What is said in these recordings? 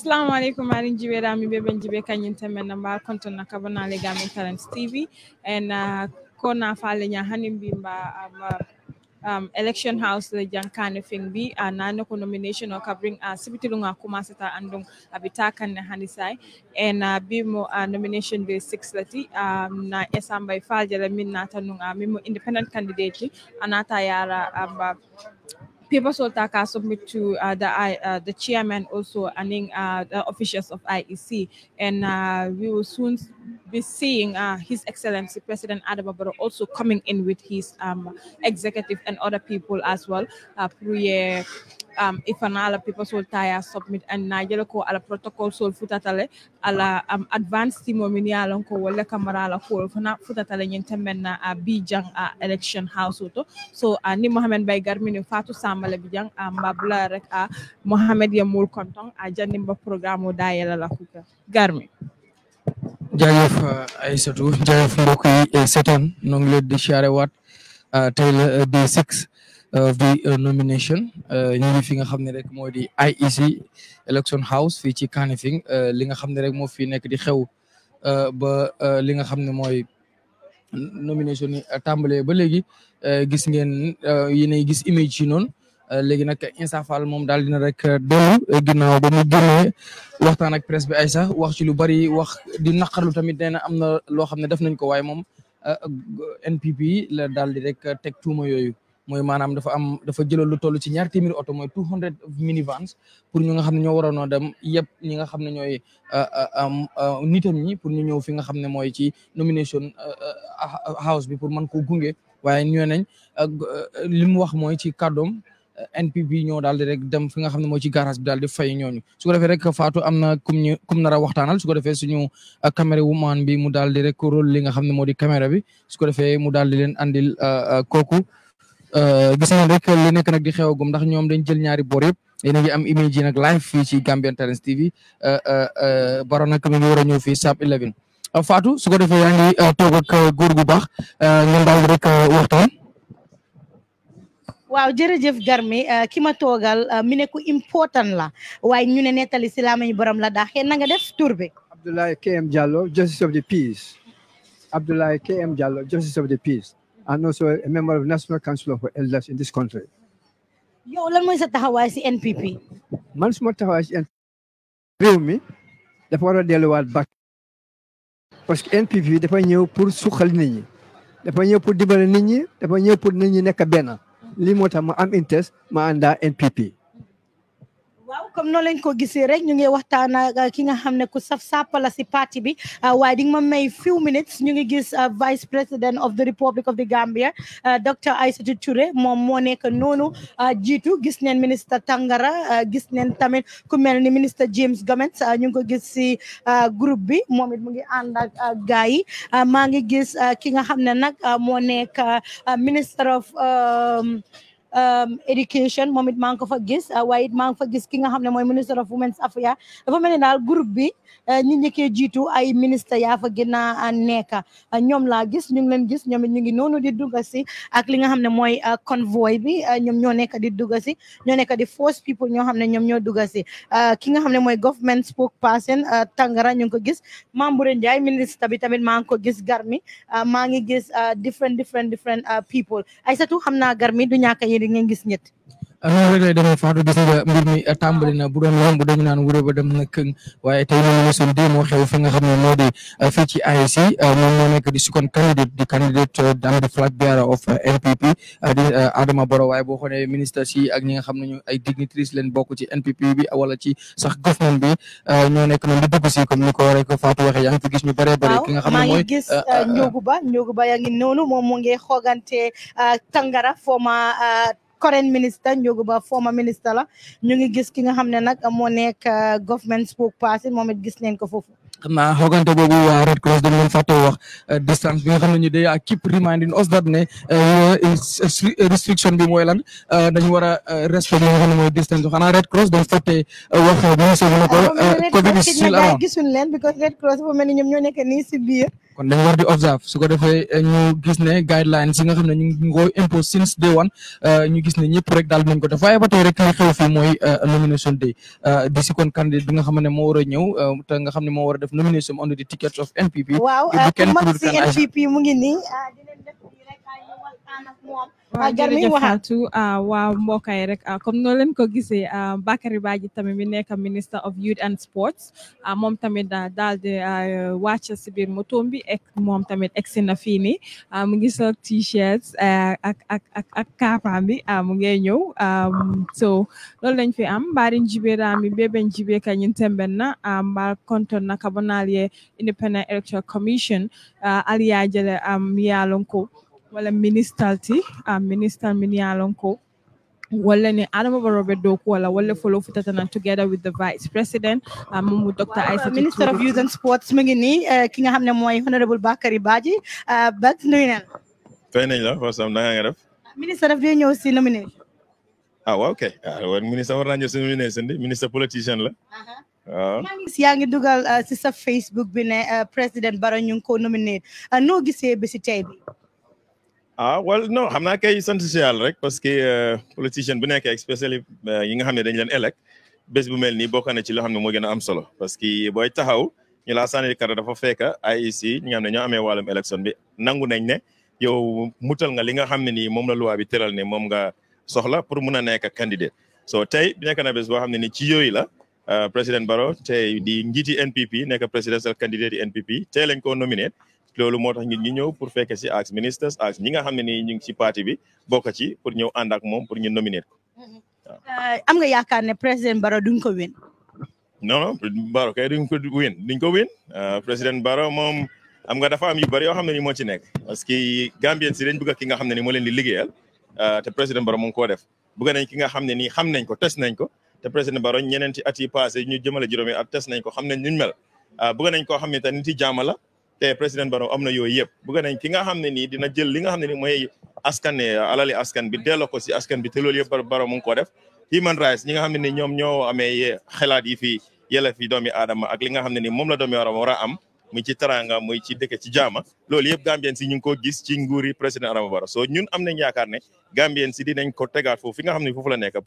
assalamu aleykum marin jiɓeɗami ɓe ɓen jiɓe kañum tan men no ah, mba contonno kabana legami talent tv en ko na faleña hani mbimba Um, election house jankane feng mbi a nane ko nomination o kabring ah, a sibitiluma commencé ta andum aɓe takanne hani say en ah, mbimo nomination de six lati um, na essa mbay faljala min natanum a min mo independent candidate ni a nata yara um, paper soltaka submit to uh, the uh, the chairman also and then, uh, the officials of IEC and uh, we will soon be seeing uh, His Excellency President Adababaro also coming in with his um, executive and other people as well. Uh, Priye um, if an ala people soul tire submit and Nigeria ko ala protocol soul futatale ala um, advanced team omini ala wala kamara ala ko fana futatale nyentemen na uh, ah, bijang ah, election house auto so uh, ni Mohamed Bay Garmini Fatou Samale bijang um, babla rek a uh, Mohamed Yamoul Kontong a programme o la kuka Garmi jaajëf Aïssatou jaajëf mbokk yi eh, seetaan ñoo di siyaare waat tey eh, six Euh, bi euh, nomination euh, ñu ngi fi nga xam ne rek moo di ay IEC election house fii ci Kanifing li nga xam ne rek moo fi nekk di xew ba li nga xam ne mooy nomination yi tàmbalee ba léegi gis ngeen yéenay gis image yi noonu léegi nag Insa Fall moom daal dina rek dellu ginnaaw ba mu génnee waxtaan ak presse bi ay sax wax ci lu bari wax di naqarlu tamit nee am na loo xam ne daf nañ ko waaye moom NPP la daal di rek teg tuuma yooyu. mooy maanaam dafa am dafa jëlal lu toll ci ñaar téeméeri oto mooy two hundred minivans pour ñu nga xam ne ñoo waroonoo dem yëpp ñi nga xam ne ñooy euh, euh, euh, nitam ñi pour ñu ñëw fi nga xam ne mooy ci nomination ah, house bi pour man koo gunge waaye ñoo nañ li mu wax mooy ci kàddoom NPP ñoo daal di rek dem fi nga xam ne mooy ci garage bi daal di fay ñooñu su ko defee rek Fatou am na kum ñu kum nar a waxtaanal su ko defee suñu caméra woman bi mu daal di rek rôle li nga xam ne moo di caméra bi su ko defee mu daal di leen andil kooku Eh, gis nañ rek li nekk nag di xewagum ndax ñoom dañ jël ñaari bor yëpp yéen ngi am image yi nag live fii ci Gambian Talents TV eh, eh, baro nag mi ngi war a ñëw SAP 11 Fatou su ko defee yaa ngi toog ak góor gu baax ngeen daal rek waxtaan. waaw jërëjëf Garmi ki ma toogal mi ne ku important la waaye ñu ne nettali si laamañu borom la daaxee na nga def tur bi. Abdoulaye KM Diallo Justice of the Peace Abdoulaye KM Diallo Justice of the Peace. and also a member of National Council of Elders in this yow lan mooy sa taxawaay si NPP. man suma taxawaay si NPP réew mi dafa war a delluwaat back parce que NPP dafa ñëw pour suqali nit ñi dafa ñëw pour dimbale nit ñi dafa ñëw pour nit ñi nekk benn lii moo tax ma am interest ma àndaa NPP. waaw comme noonu lañ ko gisee rek ñu ngi waxtaan ak uh, ki nga xam ne ku saf la si parti bi uh, waaye di ma may few minutes ñu ngi gis uh, vice president of the Republic of the Gambia Dr. Isatou Touré moom moo nekk noonu jiitu gis neen ministre Tangara gis neen tamit ku mel ministre James Gomez ñu ngi ko gis si groupe bi moom it mu ngi ànd ak yi ngi gis ki nga xam ne nag moo nekk of um, éducation um, moom it maa ngi ko fa gis uh, waaye it maa fa gis ki nga xam ne minister of women's affairs dafa mel ni groupe bi uh, ñi njëkkee jiitu ay ministre yaa fa gën a nekk uh, ñoom gis ñu ngi leen gis ñoom it ñu ngi noonu di dugga si ak li nga xam ne convoy bi ñoom ñoo nekk di dugga si ñoo nekk di force people ñoo xam ne ñoom ñoo dugga si ki nga xam ne mooy government spokesperson Tangara ñu ngi ko gis Mambury Njie ministre bi tamit maa ko gis Garmi maa ngi gis different different different people ay satu Garmi du ñàkk di nga gis ñett rewre ɗe faado bismilla mbirmi tambadina ɓuuran won mbo dañinaan wuro baɗam nakkan waye tawi noon moson demo xew fi nga xam ne moo di fii ci ASC moom moo nekk di di candidate dame de flag of NPP di Adama Barrow waaye boo xoolee ministre si ak ñi nga xam NPP bi wala ci sax government bi ñoo nekk noonu di dugg si comme ni ko rek Fatou waxee yaa ngi fi gis ñu bëree bëri ki nga xam ne mooy gis Tangara former current minister Njogu Ba former minister la ñu ngi gis ki nga xam ne nag moo nekk uh, government spokesperson moom it gis neen ko foofu xam naa xoogante boobu waa Red Cross dañ leen fàtte wax euh, distance bi nga xam ne ñu day à reminding us ne euh, euh, restriction bi mooy lan dañu war a respect li nga xam ne mooy distance bi xanaa Red Cross dañ fàtte wax bu ñu sëñ ko Covid bi still around gisuñ leen because Red Cross dafa mel ni ñoom ñoo nekk nii si biir kon dañ war di observe su ko defee ñu gis ne guidelines yi nga xam ne ñu gis ne ñëpp rek daal dinañ ko def waaye ba tey rek li xew fii mooy nomination day di si nga xam ne moo war a nga xam ne moo war a def nomination under the tickets of NPP. Eh, mu ngi nii ah, dinañ def waaw ah, jërëjëf Fatou ah, waa mbokk yi rek ah, comme noonu leen ko gisee Bakary Badji tamit mi nekk minister of youth and sports moom tamit daal di wàcc si biir motoom bi ek moom tamit egg si na fii nii mu ngi sol t-shirt eh, ak ak ak ak kaapaam bi ñëw um, so loolu lañ fi am mbaarin jibeeraami beben jibe ka ñin temben na mbaar konton na kabonal independent electoral commission aliyaa jële am yaalon wala ministalti a minister minialonko wala ni Adama Barrow be doku wala wala follow futatana together with the vice president moom Dr. Aissatou Minister of Youth and Sports mu ngi nii eh, ki nga xam ne mooy honorable Bakary Badji eh, Bax nuyu na la fay nañ nomination ah waaw ok ah, waaw minister war naa ñëw si nomination di politicien la waaw uh-huh. ah. yaa ngi dugal eh, si sa Facebook bi ne président Barrow ñu ngi ko noo gisee bi si tey bi ah wala no xam naa kay sant si rek parce que euh, politicien bu nekk ak euh, yi nga xam ne dañ leen élec bés bu mel nii bokk na ci loo xam ne moo gën am solo parce que boy taxaw ñu laa sànni kàddu dafa fekk IEC ñi ne ñoo amee wàllum élection bi nangu nañ ne yow mutal nga li nga xam ne nii moom la loi bi teral ne moom nga soxla pour mun a nekk candidat soo tey nekk na bés boo xam ne ni ci yooyu la euh, président Barrow tey di njiiti NPP nekk presidential candidate yi NPP tey lañ koo nominé loolu moo tax nit ñi ñëw pour fekke si ak ministres ak ñi nga xam ne nii ñu ngi si parti bi bokk ci pour ñëw ànd ak moom pour ñu nominer ko. Euh, am nga yaakaar ne président Barrow duñ ko win. non Barrow kay duñ ko win duñ ko win euh, président Barrow moom am nga dafa am yu bëri yoo xam ne ni moo ci nekk. parce que Gambien si dañ ki nga xam ne ni moo leen di liggéeyal euh, te président Barrow mu ngi koo def bëgg nañ ki nga xam ne nii xam nañ ko test nañ ko te président Barrow ñeneen ti at yi passé ñu jëmale juróomi at test nañ ko xam nañ ñu mel bëgg nañ koo xam ne te nit yi jaama te président Barrow am na yooyu yëpp bëgg nañ ki nga xam ne nii dina jël li nga xam ne nii mooy askan eh, alali askan bi delloo ko askan bi te loolu yëpp Barrow mu ngi def human rights ñi nga xam ne ni ñoom ñoo amee xalaat yi fi yelef fi doomi aadama ak nga xam ne ni moom la doomi aadama war am muy ci taranga muy ci dëkk ci jaama loolu yëpp gambien si ñu ngi ko gis ci nguuri président Adama Barrow soo ñun am nañ yaakaar ne gambien si dinañ ko tegaat fi nga xam ne foofu la nekk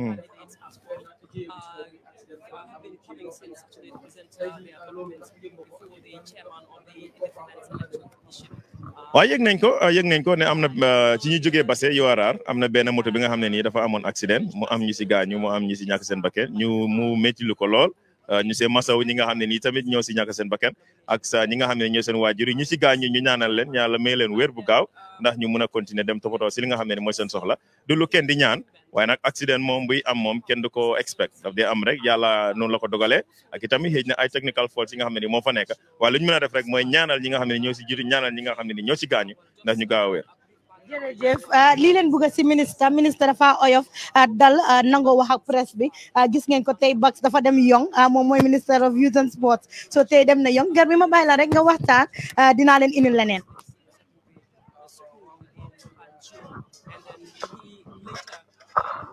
Mm. Uh, been nañ ko uh, nañ ko ne amna uh, ci ñi jógee Basse Yowarar am benn moto bi nga dafa accident mu am ñu si mu am ñu si ñàkk seen bakken ñu mu métti lu ko lool uh, ñu see masaw ñi nga xam ne tamit ñoo si ñàkk seen bakken ak sa ñi nga xam ñoo seen waajur ñu si gaañu ñu ñaanal leen may leen bu gaaw ndax ñu continuer dem li nga seen soxla du lu kenn di ñaan waye nak accident mom buy am mom kenn duko ko expect daf dee am rek yalla non la ko dogalé ak itami ay technical forcing yi nga xam mo fa nek wa luñu mëna def rek moy ñaanal ñi nga xam ñoo ci jiitu ñaanal ñi nga xam ñoo ci gañu ndax ñu ah, bëgg ministre ministre dafa oyof ah, dal ah, nango wax ak presse bi gis ngeen ko tay Bax dafa dem Yong mom moy minister of youth and sports so tay dem na Yong gar bi ma bàyyi la rek nga waxtaan dina len inul lenen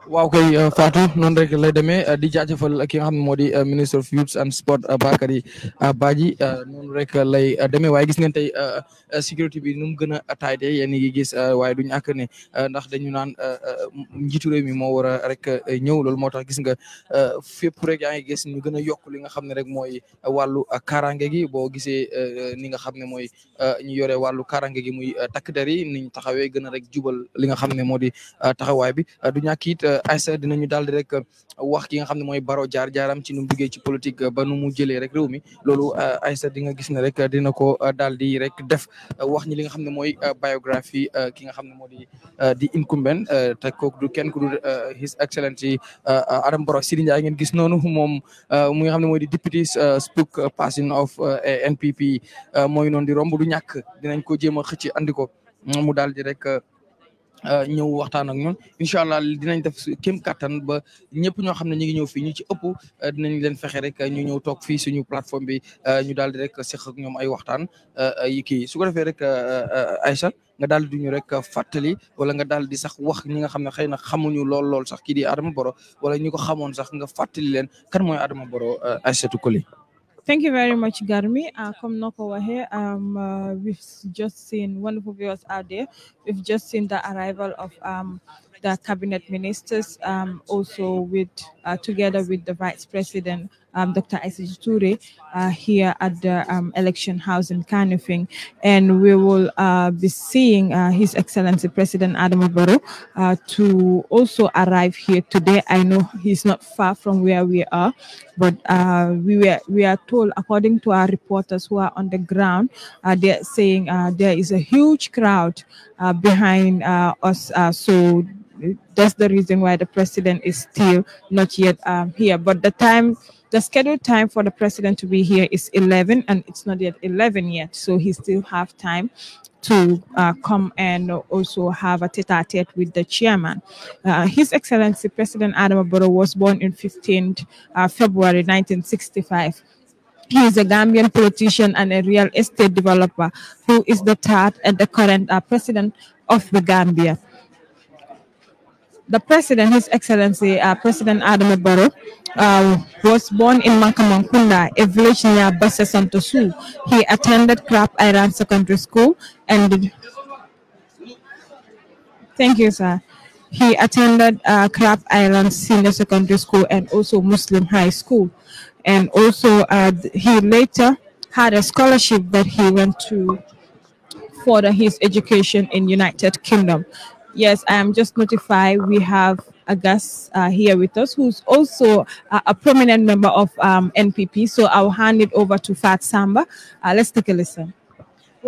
waaw kay euh, Fatou noonu rek lay demee euh, di jaajëfal ki nga xam ne moo di euh, ministre of youth and sport Bakary Badji noonu rek lay demee waaye gis ngeen tey sécurité bi nu mu gën a taay de yéen ngi gis waaye du ñàkk ne ndax dañu naan njiitu réew mi moo war a rek ñëw loolu moo tax gis nga fépp rek yaa ngi gis ñu gën a yokk li nga xam ne rek mooy wàllu kaaraange gi boo gisee ni nga xam ne mooy ñu yore wàllu kaaraange gi muy takk der yi niñ taxawee gën a rek jubal li nga xam ne moo di taxawaay bi du ñàkk Aïssa dinañu daal di rek uh, wax ki nga xam ne mooy Baro jaar jaaram ci nu mu duggee ci politique uh, ba nu mu jëlee rek réew mi loolu uh, Aïssa di nga gis ne rek dina ko daal di rek def wax ñi li nga xam ne mooy biographie ki nga xam ne moo di di incumbent te kooku du kenn ku dul his excellency Adam Barrow Sidi Ndiaye ngeen gis noonu moom mu nga xam ne mooy di député spook passing of NPP mooy noonu di romb du ñàkk dinañ ko jéem a xëcc andi ko mu daal di rek. Euh, ñëw waxtaan ak ñoom incha allah dinañ def kem kattan ba ñëpp ñoo xam ne ñu ngi ñëw fii ñu ci ëpp euh, dinañ leen fexe rek ñu ñëw toog fii suñu plateforme bi euh, ñu daal di rek seq ak ñoom ay waxtaan yi kii su ko defee rek Aïcha nga daal di ñu rek fàttali wala nga daal di sax wax ñi nga xam ne xëy na xamuñu lool lool sax kii di Adama Boro wala ñu ko xamoon sax nga fàttali leen kan mooy Adama Boro Aïssatou Coly Thank you very much, Garmi. Uh, come knock over here. Um, uh, we've just seen wonderful viewers out there. We've just seen the arrival of um, the cabinet ministers, um, also with uh, together with the vice president um, Dr. Isaac Ture uh, here at the um, election house in Canifing. And we will uh, be seeing uh, His Excellency President Adam Barrow uh, to also arrive here today. I know he's not far from where we are, but uh, we, were, we are told, according to our reporters who are on the ground, uh, they're saying there is a huge crowd behind us. so that's the reason why the president is still not yet um, here. But the time the scheduled time for the president to be here is 11, and it's not yet 11 yet, so he still have time to uh, come and also have a tete-a-tete with the chairman. Uh, His Excellency President Adam Aboro was born in fifteen uh, February 1965. He is a Gambian politician and a real estate developer who is the third and the current uh, president of the Gambia the president, His Excellency uh, President Adam Barrow, uh, was born in Mankamankunda, a village near Santosu. He attended Krap Iran Secondary School and Thank you, sir. He attended uh, Krap Island Senior Secondary School and also Muslim High School. And also, uh, he later had a scholarship that he went to further his education in United Kingdom. Yes, I am just notified we have a guest uh, here with us who's also uh, a prominent member of um, NPP. So I'll hand it over to Fat Samba. Uh, let's take a listen.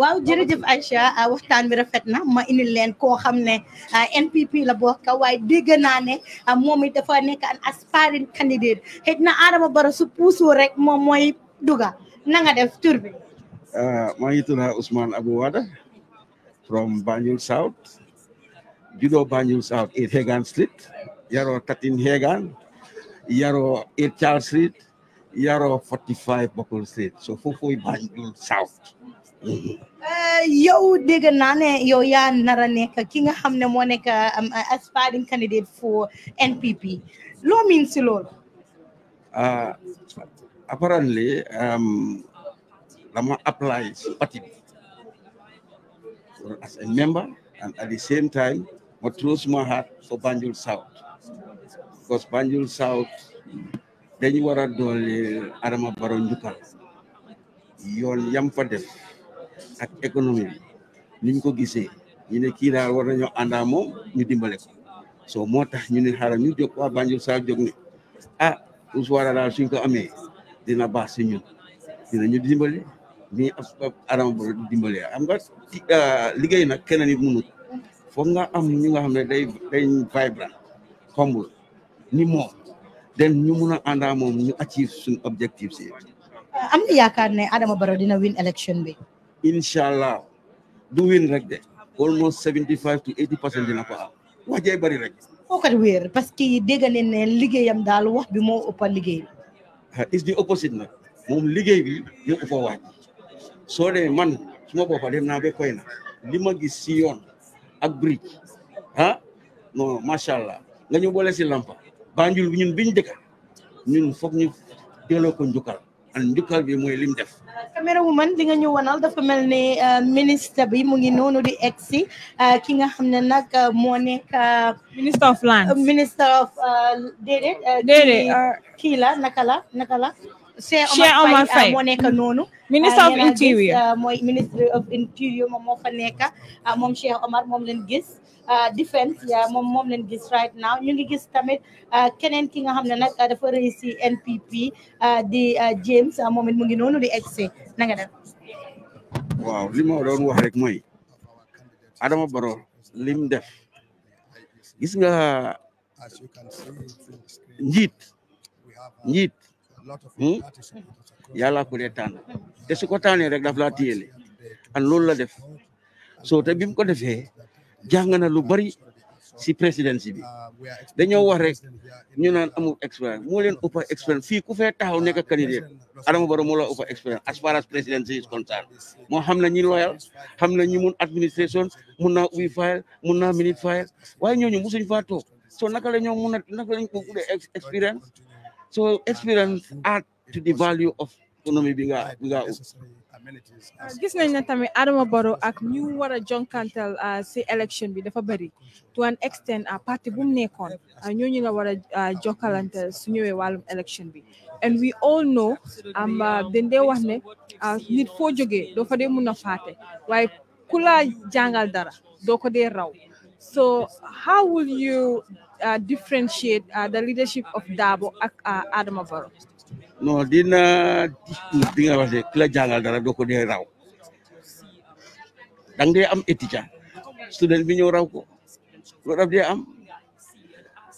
waaw jërëjëf Aïcha uh, waxtaan bi rafet na ma indil leen koo xam ne uh, NPP la bokk waaye dégg naa ne uh, moom it dafa nekk an aspiring candidate xëy na Adama Barrow su puusoo rek moom mooy duga na nga def tur bi. maa ngi tudd Ousmane Abou Wada from Banjul South judo banjul south 8 Hagan Street yaro 13 Hagan yaro 8 Charles Street yaro 45 Buckle Street so foofu banjul south eh, yow dégg naa ne yow yaa nar a nekk ki nga xam um, uh, aspiring candidate for NPP loo miin si loolu ah, apparently um, lama applies parti as a member and at the same time what throws my so Banjul South kos Banjul South dañ wara a arama Adama Barrow yon yam fa def ak ekonomi niñ ko gisee ñu ne ki daal war nañoo àndaa ñu dimbalé ko so motax ñu ne xaaral ñu jox waa Banjul South jox ni ah wara daal suñ ko amé dina baax ci ñun dina ñu dimbalé ni Adama arama di dimbalé am nga ah, liggéey nak kenen nit munut foog nga am ñi nga xam ne day day vibrant humble ni moom den ñu mun a ànda moom ñu achieve suñu objectif si am nga yaakaar ne Adama Barrow dina win election bi incha allah du win rek de almost seventy five to eighty percent dina ko am wax bari rek fookat wéer parce que dégg nañ liggéeyam daal wax bi moo ëppa liggéey is the opposite nag moom liggéey bi ñu ëppa waaj soo dee man suma boppa dem na li ma gis si yoon ak brique ah non macha allah nga ñu boole si lampa Banjul bi ñun biñ dëkka ñun foog ñu delloo ko njukkal an njukkal bi mooy lim def caméra wu man li nga ñu wanal dafa mel ne euh, ministre bi mu ngi noonu di egsi euh, ki nga xam ne nag euh, moo nekk minister of land minister of déedéet déedéet kii la naka la naka la Cheikh Omar Faye ah, moo nekk noonu. ministre ah, ah, of interior mooy ministre moom moo fa nekk moom Cheikh Omar moom leen gis. defense ya moom moom leen gis right now ñu ngi gis tamit keneen ki nga xam ne nag dafa réussi NPP di James moom it mu ngi noonu di egsi na nga def. waaw li ma doon wax rek mooy Adama Barrow lim def gis nga njiit njiit. yàlla ko dee te su ko tànnee rek daf la an lool la def so te bim ko defé jangana lu bari si présidence bi dañu wax rek ñu naan amu expérience mo leen upa expérience fi ku fe taxaw nek candidat adamu baro mo la upa expérience as far as présidence is concerned mo xam na ñi loyal xam na ñi mun administration mun na file mun na minute file ñu mu suñu fa tok so naka la ñoo mun naka lañ ko expérience So experience add to the value of economy bi nga bi nga gis nañ ne tamit Adama Barrow ak ñu war a jonkantal si uh, élection bi dafa bëri to an extent uh, parti bu mu nekkoon uh, ñooñu la war a jokkalante su ñëwee wàllum élection bi and we all know am um, dendee wax ne nit foo jógee doo fa dee mun a faate waaye ku la jàngal dara doo ko dee raw so, how will you uh, differentiate uh, the leadership of Dabo ak uh, uh, Adama Barrow? non dina discours bi nga jàngal dara doko ko raw Dang dia am étudiant student bi ñëw raw ko loolu daf dee am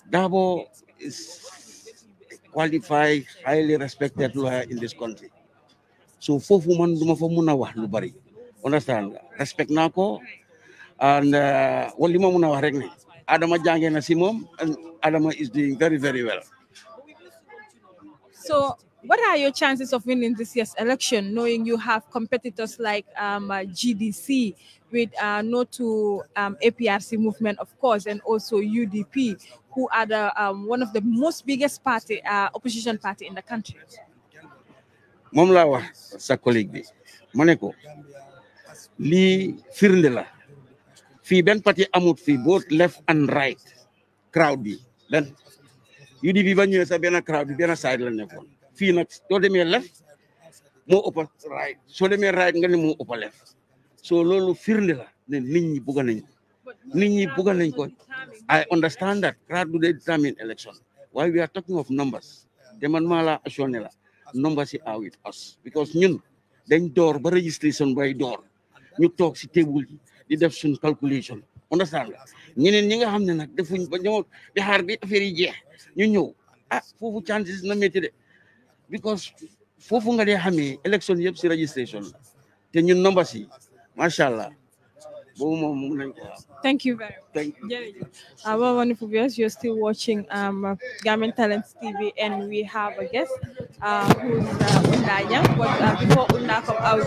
Dabo is qualified highly respected lawyer in this country so foofu man duma fa mun a wax lu bari understand respect nako and uh, Adama na si and Adama is doing very very well. So what are your chances of winning this year's election, knowing you have competitors like um, uh, GDC with uh, No to um, APRC movement, of course, and also UDP, who are the um, one of the most biggest party uh, opposition party in the country. Mom la wax sa collègue bi mané li firnde la Fi ben parti amut fi both left and right crowd bi benn UDP ba ñu sa ben crowd bi ben side la nekkon Fi nak soo demé left mo ëpp right so demé right nga ni mo ëpp left so lolu firli la ne nit ñi bugg nañ nit ñi nañ ko I understand that crowd do determine election Why we are talking of numbers de man mala laa assuré la numbers yi are with us because ñun dañ door ba registration bay door ñu tok si table di calculation understand nga ñeneen ñi nga xam ne nag defuñ ba ñëw di xaar bi affaire yi jeex ah foofu chances na métti de because foofu nga dee xamee élection yëpp si registration la te ñun nomba si macha allah thank you very much thank you uh, well wonderful viewers you're still watching um, Garment Talent TV and we have a guest uh, who's uh, Unda Nyang but uh, before Unda come out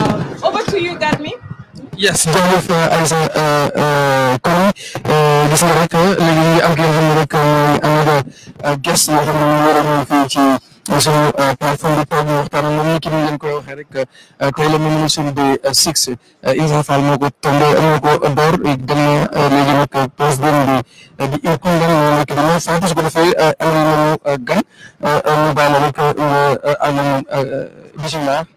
um, over to you Garmin. Yes, jërëjëf Alisa Koné gis nga rek léegi ñu ngi am ki Guest yoo xam ne ñu a ñëw fii ci suñu plateforme bi toog waxtaan ak moom ki six Isa Fall tombé moo ko door dem na léegi nag président bi di une condamné moo nekk dama sant su ko defee am nañu gan ñu bàyyi la rek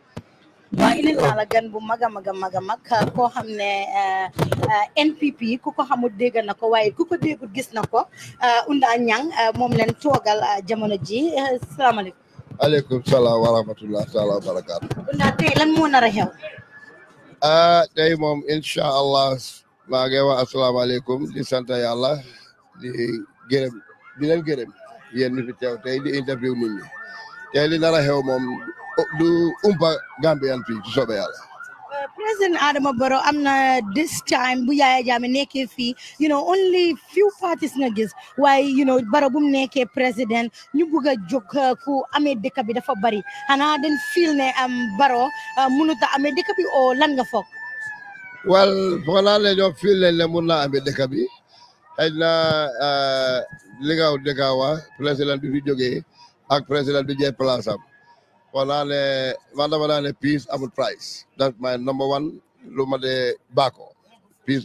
ina ala gan bu maga maga maga mag hamne xam eh, eh, NPP ku ko xamul dégg na ko waaye ku ko gis nako eh, Unda Niang moom leen toogal jamono ji alaykum alaykum salaam wa rahmatullah salaam wa barakat Unda tey lan mo nar xew ah tey mom, inshallah allah maa wa wax alaykum di santa yalla di gërëm di len gërëm yéen mi fi di interview nit ñi tay li nar xew Oh, du umpa Gambian fii su soobee euh, President Adama Barrow am na this time bu Yaya Jammeh nekkee fii you know only few parties nga gis waaye you know Barrow bu mu nekkee président ñu bugg a euh, bi dafa bari xanaa den feel am um, Barrow euh, mënut a amee dëkk lan nga foog wal foog naa ne ñoom feel ne mun naa amee dëkk bi na li nga dëkk waa président fi jógee ak président bi jël place walaale uh, wala walaale peace amul price that's my number one lu ma dee baako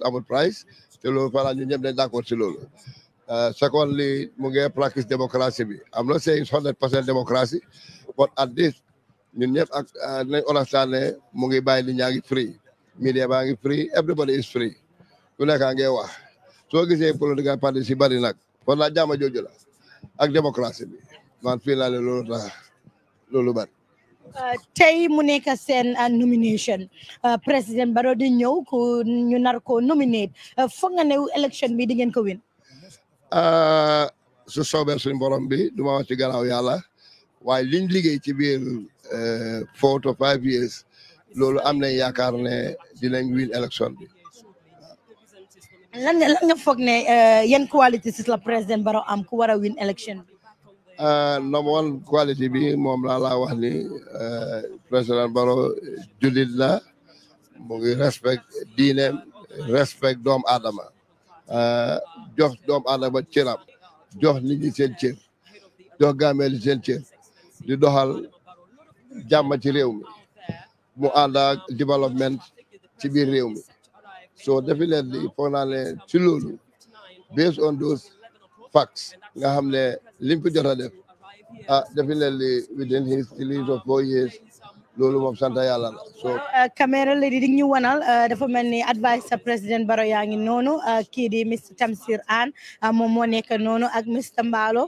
amul price te loolu fara ñu ñëpp dañ d'accord si loolu euh, secondly mu ngi practice démocratie bi am na saying hundred percent démocratie but at this ñun ñëpp ak euh, nañ understand mu ngi bàyyi li ñaa ngi free media baa ngi free everybody is free ku nekkaa ngee wax soo gisee political parti si bari nag kon laa jaama jooju la ak démocratie bi man fii laa ne loolu tax loolu bari euh, tey mu nekk seen euh, nomination euh, président Barrow di ñëw ku ñu nar ko nominate foog nga ne élection bi di ngeen ko win su soobee suñu borom bi du ma wax ci gannaaw yàlla waaye liñ liggéey ci biir four to five years loolu am nañ yaakaar ne dinañ win élection bi lan nga lan nga foog ne yan qualités la président Barrow am ku war a win élection Euh, number quality bi moom laa laa wax ni euh, président Barrow jullit la mu ngi respect diineem respect doomu aadama euh, jox doomu aadama cëram jox nit ñi seen cër jox gàmmeel di doxal jàmm ci réew mi mu ànd ak développement ci biir réew mi so definitely foog naa ci loolu based on those facts nga lim fi jot a def ah definitely within his series of four years loolu moom sant yàlla la so uh, caméra di ñu wanal uh, dafa mel ni advice président Baro yaa ngi noonu uh, kii di Mr Tamsir Ann moom moo nekk noonu ak Mr Mbaalo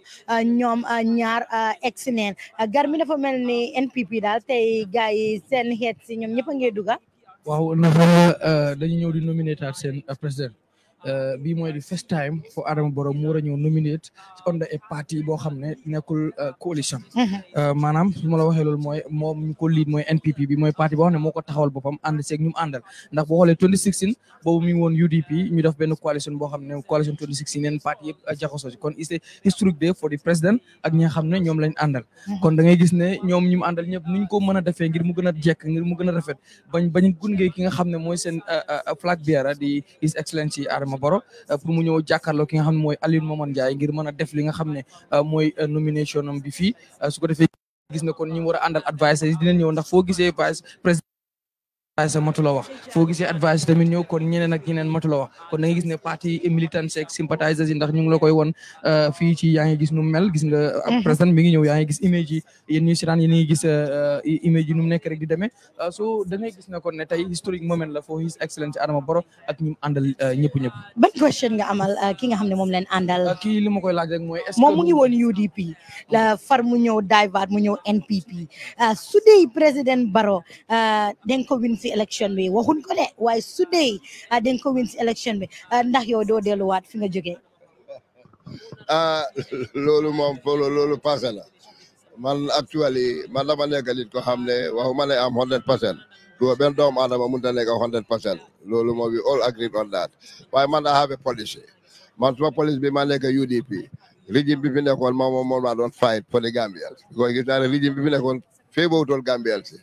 ñoom ñaar egsi neen gar mi dafa mel ni NPP daal te gars yi seen xeet si ñoom ñëpp a ngi duga waaw na dañu ñëw di nominataat seen président Euh, bi mooy di first time fo Adama Barrow mu war a nominate on a parti boo xam ne nekkul euh, coalition mm-hmm. euh, maanaam su la waxee mooy moom ko lead mooy NPP bi mooy parti boo xam ne moo ko taxawal boppam ànd seeg ñu mu àndal ndax boo xoolee 2016 boobu mi ngi UDP ñu def benn coalition boo xam ne coalition 2016 neen parti kon it's a historic day for the president ak ñi ne ñoom lañ àndal mm-hmm. kon da ngay gis ne ñoom ñu mu àndal ko mën a ngir mu gën ngir mu gën ma Baro a mu ñëw jàkkaarloo ki nga xam ne mooy Alioune Momane Ndiaye ngir mën a def li nga xam ne euh, mooy euh, nomination am bi fii euh, su ko defee gis na kon ñi mu war a àndal advice dinañ ñëw ndax foo gisee vice président advice la wax fo gisi advice tamit ñëw kon ñeneen ak ñeneen la wax kon da nga gis ne parti militants ak sympathizers yi ndax ñu ngi la koy won euh, fi ci yaa ngi gis nu mel gis nga euh, mhm. president mi ngi ñew yaa gis image yi yéen ñuy sitaan yeen ngi gis euh, image yi nu nekk rek di deme so da ngay gis ne kon ne tay historic moment la fo his excellence Adama boro ak ñim andal ñepp ñepp ban question nga amal ki nga xamne mom moom leen àndal kii li ma koy laaj rek mooy moom mu ngi won UDP la far mu ñew divert mu ñew NPP su dey president baro den ko win si élection bi waxuñ ko de waaye su dee ah, dañ ko win si élection bi ah, ndax yow doo delluwaat fi nga jógee. ah loolu moom loolu passé la man actually man dama nekk nit ko xam ne waxuma ne am 100 percent du benn doomu aadama mënut a nekk 100 percent loolu all agree on that waaye man I have a policy man suma police bi ma nekk UDP régime bi fi nekkoon moom moom moom laa doon fight for the Gambians because gis naa ne régime bi fi nekkoon féebawutoon Gambians si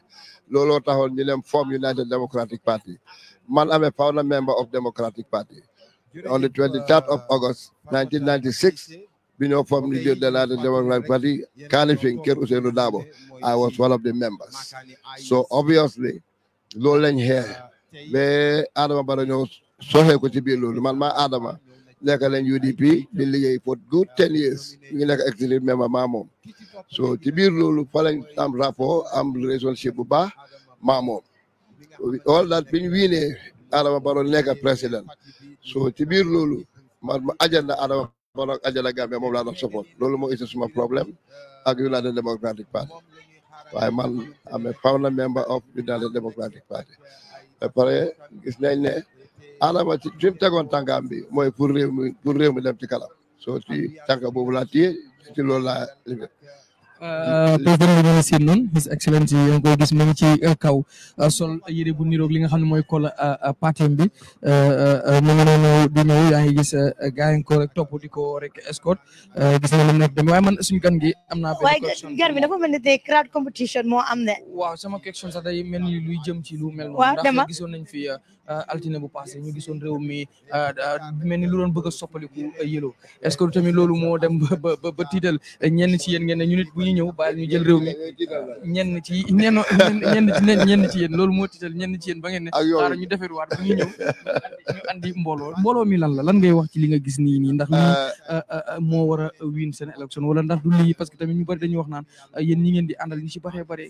looloo taxoon ñu dem form United Democratic Party man am a founder member of Democratic Party on the 23rd of August 1996 bi ñoo form United Democratic Party Kanifing Kër Ousseynou Dabo I was one of the members so obviously loolu lañ xeex ba Adama Barrow ñëw ko ci biir loolu man maa Adama nekk nañ UDP di liggéey for good ten years ñu ngi nekk exilé même ma moom so ci biir lolu fa lañ am rapport am relationship bu baax maa all that biñ wiinee Adama Barrow nekk president so ci biir lolu ma agenda Adama Barrow ajal gambe mom la do support lolu mo issue suma problème ak de Democratic Party waye man am a founder member of the Democratic Party après ya? gis nañ né ala wati jim tagon bi moy pour rew mi pour rew mi dem ci kala so ci tanka bobu la tiyé ci lol la euh président bi sin non his excellency yang koy gis mi ci kaw sol yéré bu niro li nga xamne moy kol patem bi euh euh mo ngi nonu di ñew ya yaangi gis gaay ko rek top di ko rek escort euh gis na lu nek dem way man suñu gan gi amna ben question way gar bi dafa melni day crowd competition mo amne waaw sama question sa day melni luy jëm ci lu mel non dafa gisoon nañ fi Euh, altine bu passé ñu gisoon réew mi euh, euh, mel ni lu doon bëgg a soppaliku yëloo est-ce que tamit loolu moo dem ba ba tiital ñenn ci yéen ngeen ne ñu nit bu ñu ñëw baal ñu jël réew mi ñenn ci ñenn ñenn ci ñenn ci yéen loolu moo tiital ñenn ci yéen ba ngeen ne xaaral ñu defarwaat bu ñu ñëw ñu andi mbooloo mbooloo mi lan la lan ngay wax ci li nga gis nii nii ndax lii moo war a win seen élection wala ndax du lii parce que tamit ñu bari dañuy wax naan yéen ñi ngeen di àndal ñu ci baree bare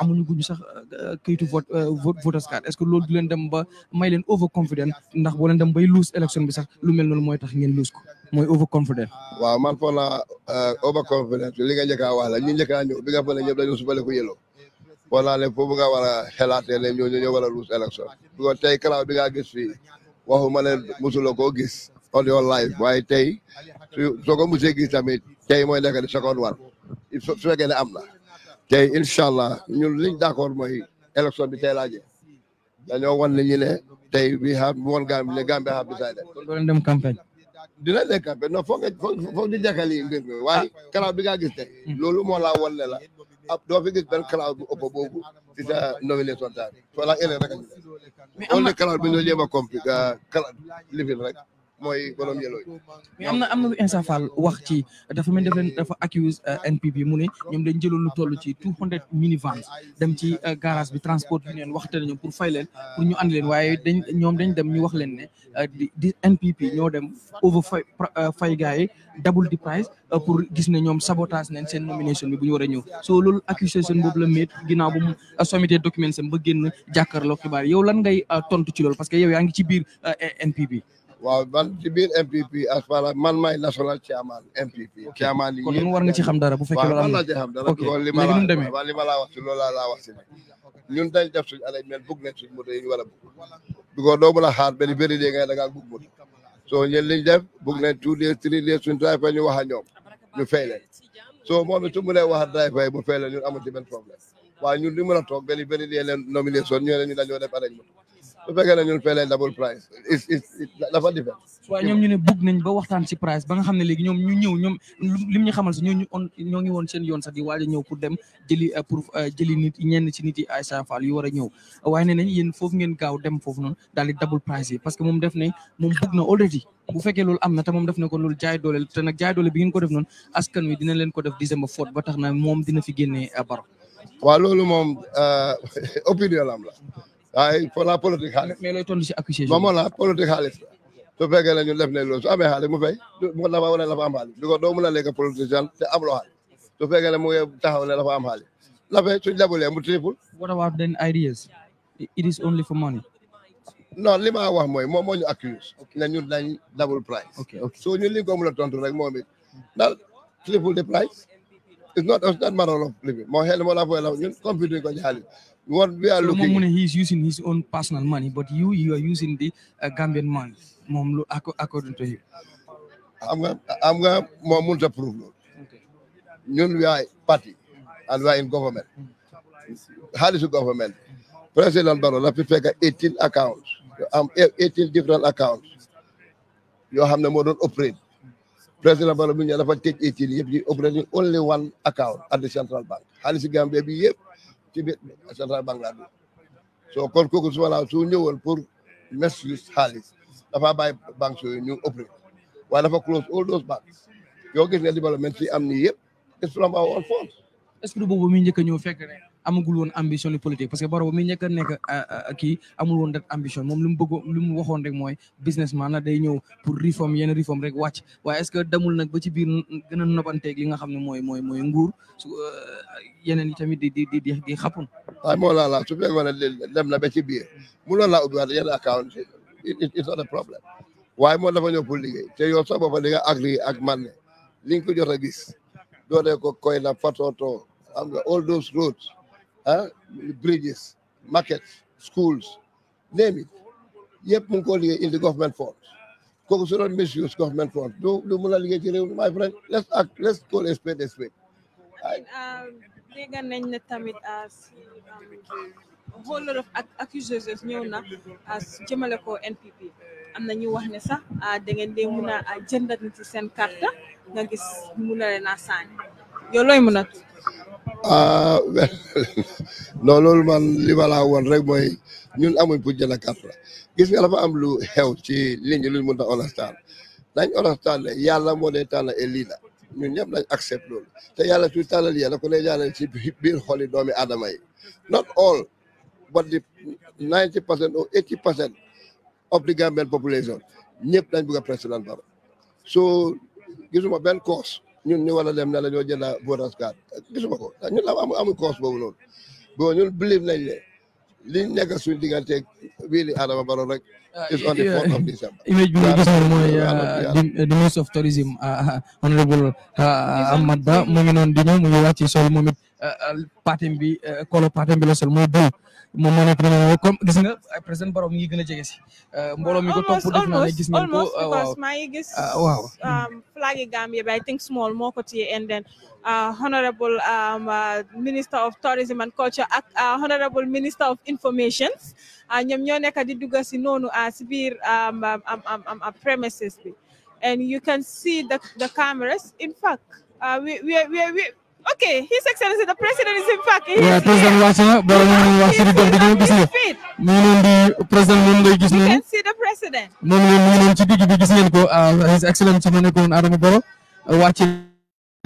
amuñu guñu sax euh, kayitu vote euh, voters card est-ce que loolu du leen dem ba may leen overconfident ndax boo leen dem bay lose election bi sax lu mel noonu mooy tax ngeen lose ko mooy overconfident waaw man foog naa euh, overconfident li nga njëkk a wax la ñu njëkk a ñëw bi nga fa ne ñëpp dañu subale ko yeloo foog nga lose election. bi ko tey kalaaw bi nga gis fii waxuma gis your life waaye tey So ko mosee gis tamit tey mooy nekk di second one su fekkee tey incha allah ñun liñ d' accord mooy élection bi tey laa jeex dañoo wan ne ñu ne tey bi xam mu woon Gambie ne Gambie xam décidé. dinañ dem campagne. dinañ dem campagne non foog nga foog di jàkkaal yi mbir mi waaye gis tey. loolu moo laa la ab doo fi gis benn kalaaw bu ëpp boobu ci sa nomination daal soo laa ëllëg rek a ñu bi ñu jéem a compliqué kalaaw rek. mooy borom yeloo yi. am na am na lu Insa Fall wax ci dafa mel def leen dafa accuse euh, NPP mu ne ñoom dañ jëloon lu toll ci two hundred minivans dem ci euh, garage bi transport union waxtaan ñoom pour fay leen pour ñu ànd leen waaye dañ ñoom dañ dem ñu wax leen ne euh, di NPP ñoo dem over fay fay gars yi double the price pour gis ne ñoom sabotage nañ seen nomination bi bu ñu war a ñëw so loolu accusation boobu la métti ginnaaw ba mu sommité document seen ba génn jàkkaarloo xibaar yow lan ngay tontu ci loolu parce que yow yaa ngi ci biir NPP. waaw man ci biir MPP aspara man maay national chairman MPP. chairman yi kon ñun war nga ci xam dara bu fekkee loolu am na ok léegi nu mu demee wax si loolu laa wax si ñun dañ a bugg. a xaar benn benn dee ngay da ngaa soo ñun liñ def two days three days suñu driver ñu wax ak ñoom ñu fay soo moom itam mu driver yi mu fay amul ci benn problème waaye ñun li mën a toog benn benn dee leen nomination ñoo ñu def arrêt moto su fekkee ne ñun fee lay double price dafa différent. waaw ñoom ñu ne bugg nañ ba waxtaan si price ba nga xam ne léegi ñoom ñu ñëw ñoom lim ñu xamal si ñoo ñu on ñoo ngi woon seen yoon sax di waaj ñëw pour dem jëli euh, pour euh, jëli nit ñenn ci nit yi Aïssa Fall yu war a ñëw waaye nee nañ yen foofu ngeen gaaw dem foofu noon daal di double price yi parce que moom def ne moom bugg na already bu fekkee loolu am na te moom def na ko loolu jaay doole te nag jaay doole bi ngeen ko def noonu askan wi dina leen ko def December foot ba tax na moom dina fi génnee baro. waaw loolu moom euh, opinion am la waaye foo naa politique xaalis. mais looy tontu si accusation moom la politique xaalis su fekkee ne ñun def nañ loolu su amee xaalis mu fay mu dafa wala dafa am xaalis du ko doo mun a te amuloo xaalis su fekkee ne mu ngi taxaw ne dafa am xaalis la fay suñ dabalee mu triple. what about then ideas it is only for money. non li ma wax mooy moom moo ñu accuse ne ñun dañ double price. ok ok so ñun li ko mun a tontu rek moom it triple the price it's not it's not matter of living moo xel moo la fooy la ñun computer ko ci what we are so looking. Momune, he's using his own personal money, but you, you are using the uh, Gambian money. Mom, according to him. I'm gonna, I'm gonna, Momun's approved. Okay. Nyun, we are party, and we are in government. Mm. How is the government? President Barrow, la fekk 18 accounts. You am 18 different accounts. yoo xam ne moo doon operate président Barrow bi ñu dafa tëj 18 yëpp di operate only one account at the central bank xaalis Gambie bi yëpp ci biir central Bangladesh soo kon kooku su wala su ñëwoon pour meslis xaalis dafa bàyyi banques yooyu ñu operate waaye dafa close all those banks yoo gis ne développement ci am nii yëpp is from our own funds est-ce que du boobu mi njëkk a ñëw fekk amagul woon ambition lu politique parce que Barrow mi njëkk a nekk kii amul woon dat moom li mu bëggoon li mu waxoon rek mooy businessman la day ñëw pour réforme yenn réforme rek wàcc waaye est ce que demul nag ba ci biir gën a nobanteeg li nga xam ne mooy mooy mooy nguur euh, yeneen yi tamit di di di di di xapun waaye moo laa la su fekkoon ne dem na ba ci biir mu laa ubbiwaat yenn a waaye moo dafa ñëw pour te yow sax booba di nga agri ak man ne li nga ko jot a gis doone ko koy na fatoto xam nga all those roads ah bridges markets schools name it yëpp mu ngi koo liggéey in the government fund kooku su doon misuse government fund du du liggéey ci réew mi my friend let's act let's call a spade a spade dégg nañ ne tamit um, whole lot of accusations ñëw na jëmale ko NPP am na ñu wax ne sax ah, da ngeen dee mun a ah, jëndat ci seen carte nga gis mun a leen saañ yow looy mën a. ah non loolu man li ma laa woon rek mooy ñun amuñ pour jënd carte gis nga dafa am lu xew ci ligne bi lu ñu mën a understand nañ understand ne yàlla moo dee tànn et ñun ñëpp na accept loolu te yàlla su tànnal yàlla ku ne jaarale ci biir xoli doomi aadama yi not all but the ninety percent or eighty percent of the Gambian population ñëpp dañ bëgg a benn cause. ñun ñu war a dem ne la ñoo jënd voters card gisuma ko ñun am amu cause boobu noonu bon ñun ne li nekk suñu diggante bii di Adama Barrow rek. Ah, is on the fourth of December. Ah, of tourism ah, honorable Amad Ba mu ngi noonu di ñëw mu ngi sol moom it partem bi kolo eh, partem bi la sol moom moo nekk nii moom comme gis nga président Barrow mi ngi gën a jege si. mbooloo mi ko topp def naa gis ngeen ko waaw almost gis. Oh, uh, waaw um, flag yi Gambia bi I think small moo ko téye and then uh, honorable um, uh, minister of tourism and culture ak honorable minister of information ñoom ñoo nekk di dugg si noonu si biir um, premises bi and you can see the the cameras in fact we we we. Okay, His Excellency the President is in fact. waaw président wax na boole ñu ngi wax si di dox di ñëw gis nga. ñu ngi leen di président moom lay gis ci digg bi gis ko ah, His Excellency ma nekkoon Adama Barrow wàcc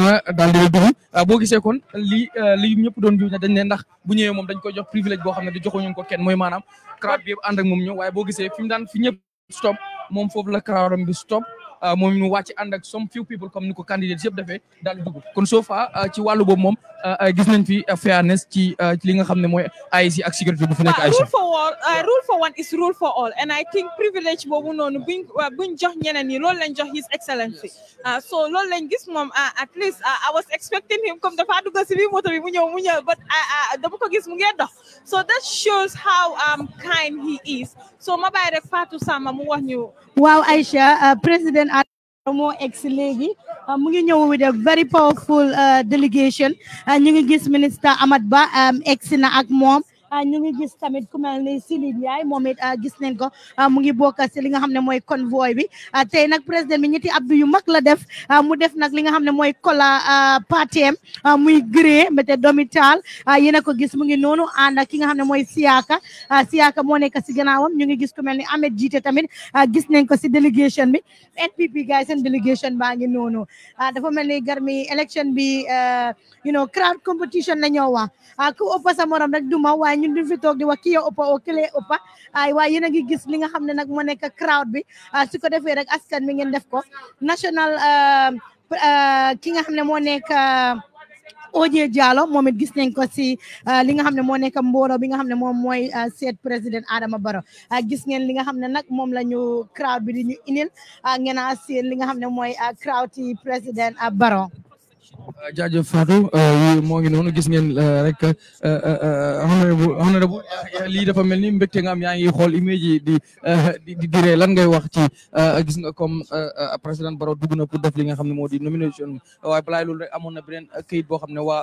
na daal di la dugg ah, boo gisee kon lii ah, lii ñëpp doon jiw dañ ne ndax bu ñëwee moom dañ koy jox privilège boo xam ne di joxuñu ko kenn mooy maanaam crowd bi yëpp ànd ak moom ñëw waaye boo gisee fi mu daan fi ñëpp stop moom foofu la crowdam bi stop. Euh, moom mu wàcc ànd ak some few people comme ni ko candidates yëpp defee dugg kon soo fa euh, ci wàllu boobu moom euh, gis nañ fi fairness ci li nga xam ne mooy ak sécurité bu fi ah, rule for all uh, rule for one is rule for all and I think privilege But noonu buñ uh, buñ jox ñeneen ñi loolu lañ jox his excellency uh, so Lord lañ gis at least I was expecting him comme dafa dugg si biir moto bi mu ñëw mu ñëw but dama ko gis mu ngi dox so that shows how um, kind he is so ma bàyyi rek Fatou Sama mu wax ñu waaw Aïcha uh, président moo ex léegi uh, mu with a very powerful uh, delegation and ngi gis Minister Amat Ba ex um, na Ah, ñu ngi gis tamit ku mel ni Yaay moom it ah, gis nañ ko ah, mu ngi bokk si li nga xam ne mooy convoy bi tey nag président bi ñetti abdu yu mag la def mu def nag li nga xam ne mooy kola partem muy gré mbete domital yéen a ko gis mu ngi noonu ànd ak ki nga xam ne mooy Siaka Siaka moo nekk si gannaawam ñu ngi gis ku mel ni Ahmed Jite tamit gis nañ ko si délégation bi NPP gars yi seen délégation baa ngi noonu dafa mel ni garmi élection bi you know crowd competition la ñun duñ fi toog di wax kii ya ëppa oo këlee ëppa ay waay yéen a ngi gis li nga xam ne nag moo nekk crowd bi ah, su ko defee rek askan bi ngeen def ko national ah, ah, ki nga xam ne moo nekk Oje Diallo moom it gis nañ ko si li nga xam ne moo nekk mbooloo bi nga xam ne moom mooy seet président Adama Barrow gis ngeen li nga xam ne nag moom la ñu crowd bi di ñu inil a ngena seen li nga xam ne mooy crowd yi président Barrow Euh, jaajëf Fatou euh, moo ngi noonu gis ngeen euh, rek honorable honorable lii dafa mel ni mbégte nga am yaa ngi xool image yi di di diree lan ngay wax ci gis nga comme président Barrow dugg na pour def li nga xam ne moo di nomination waaye balaa loolu rek amoon na beneen këyit boo xam ne waa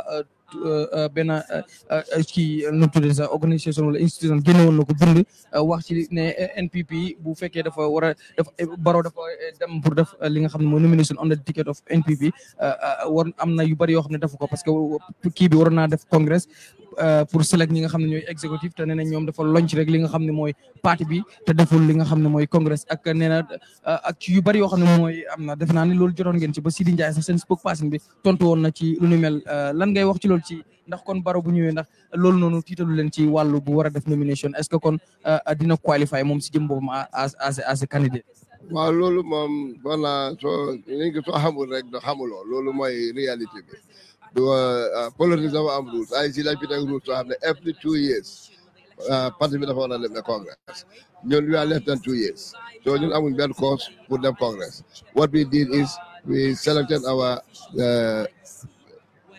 Euh, euh, benn euh, kii nu tuddee sax organisation wala institution génne woon na ko bind wax ci ne NPP bu fekkee dafa war a dafa eh, baro dafa eh, dem pour def li nga xam ne mooy nomination on the ticket of NPP war am na yu bëri yoo xam ne defu ko parce que kii bi waroon naa def congrès Euh, pour select ñi nga xam ne ñooy exécutif te nee ñoom dafa lonc rek li nga ne mooy parti bi te deful li nga xam ne mooy congrès ak nee na euh, ak ci yu bëri yoo xam ne mooy am na defe naa ne loolu jotoon ngeen ci ba Sidi Ndiaye sax seen spokesperson bi tontu woon na ci lu nu euh, lan ngay wax ci loolu ci ndax kon baro bu ñëwee ndax loolu noonu tiitalu leen ci wàllu bu war a def nomination est-ce que kon dina qualifier moom si jëm boppam as as as candidat waaw loolu moom voilà ah, soo li nga soo xamul rek da xamuloo loolu mooy réalité bi to uh, politics dafa am rules IEC lañ fi teg rules soo xam every two years parti bi dafa war a dem ne congress ñun we are less than two years so you ñun amuñ benn course pour them congress what we did is we selected our uh,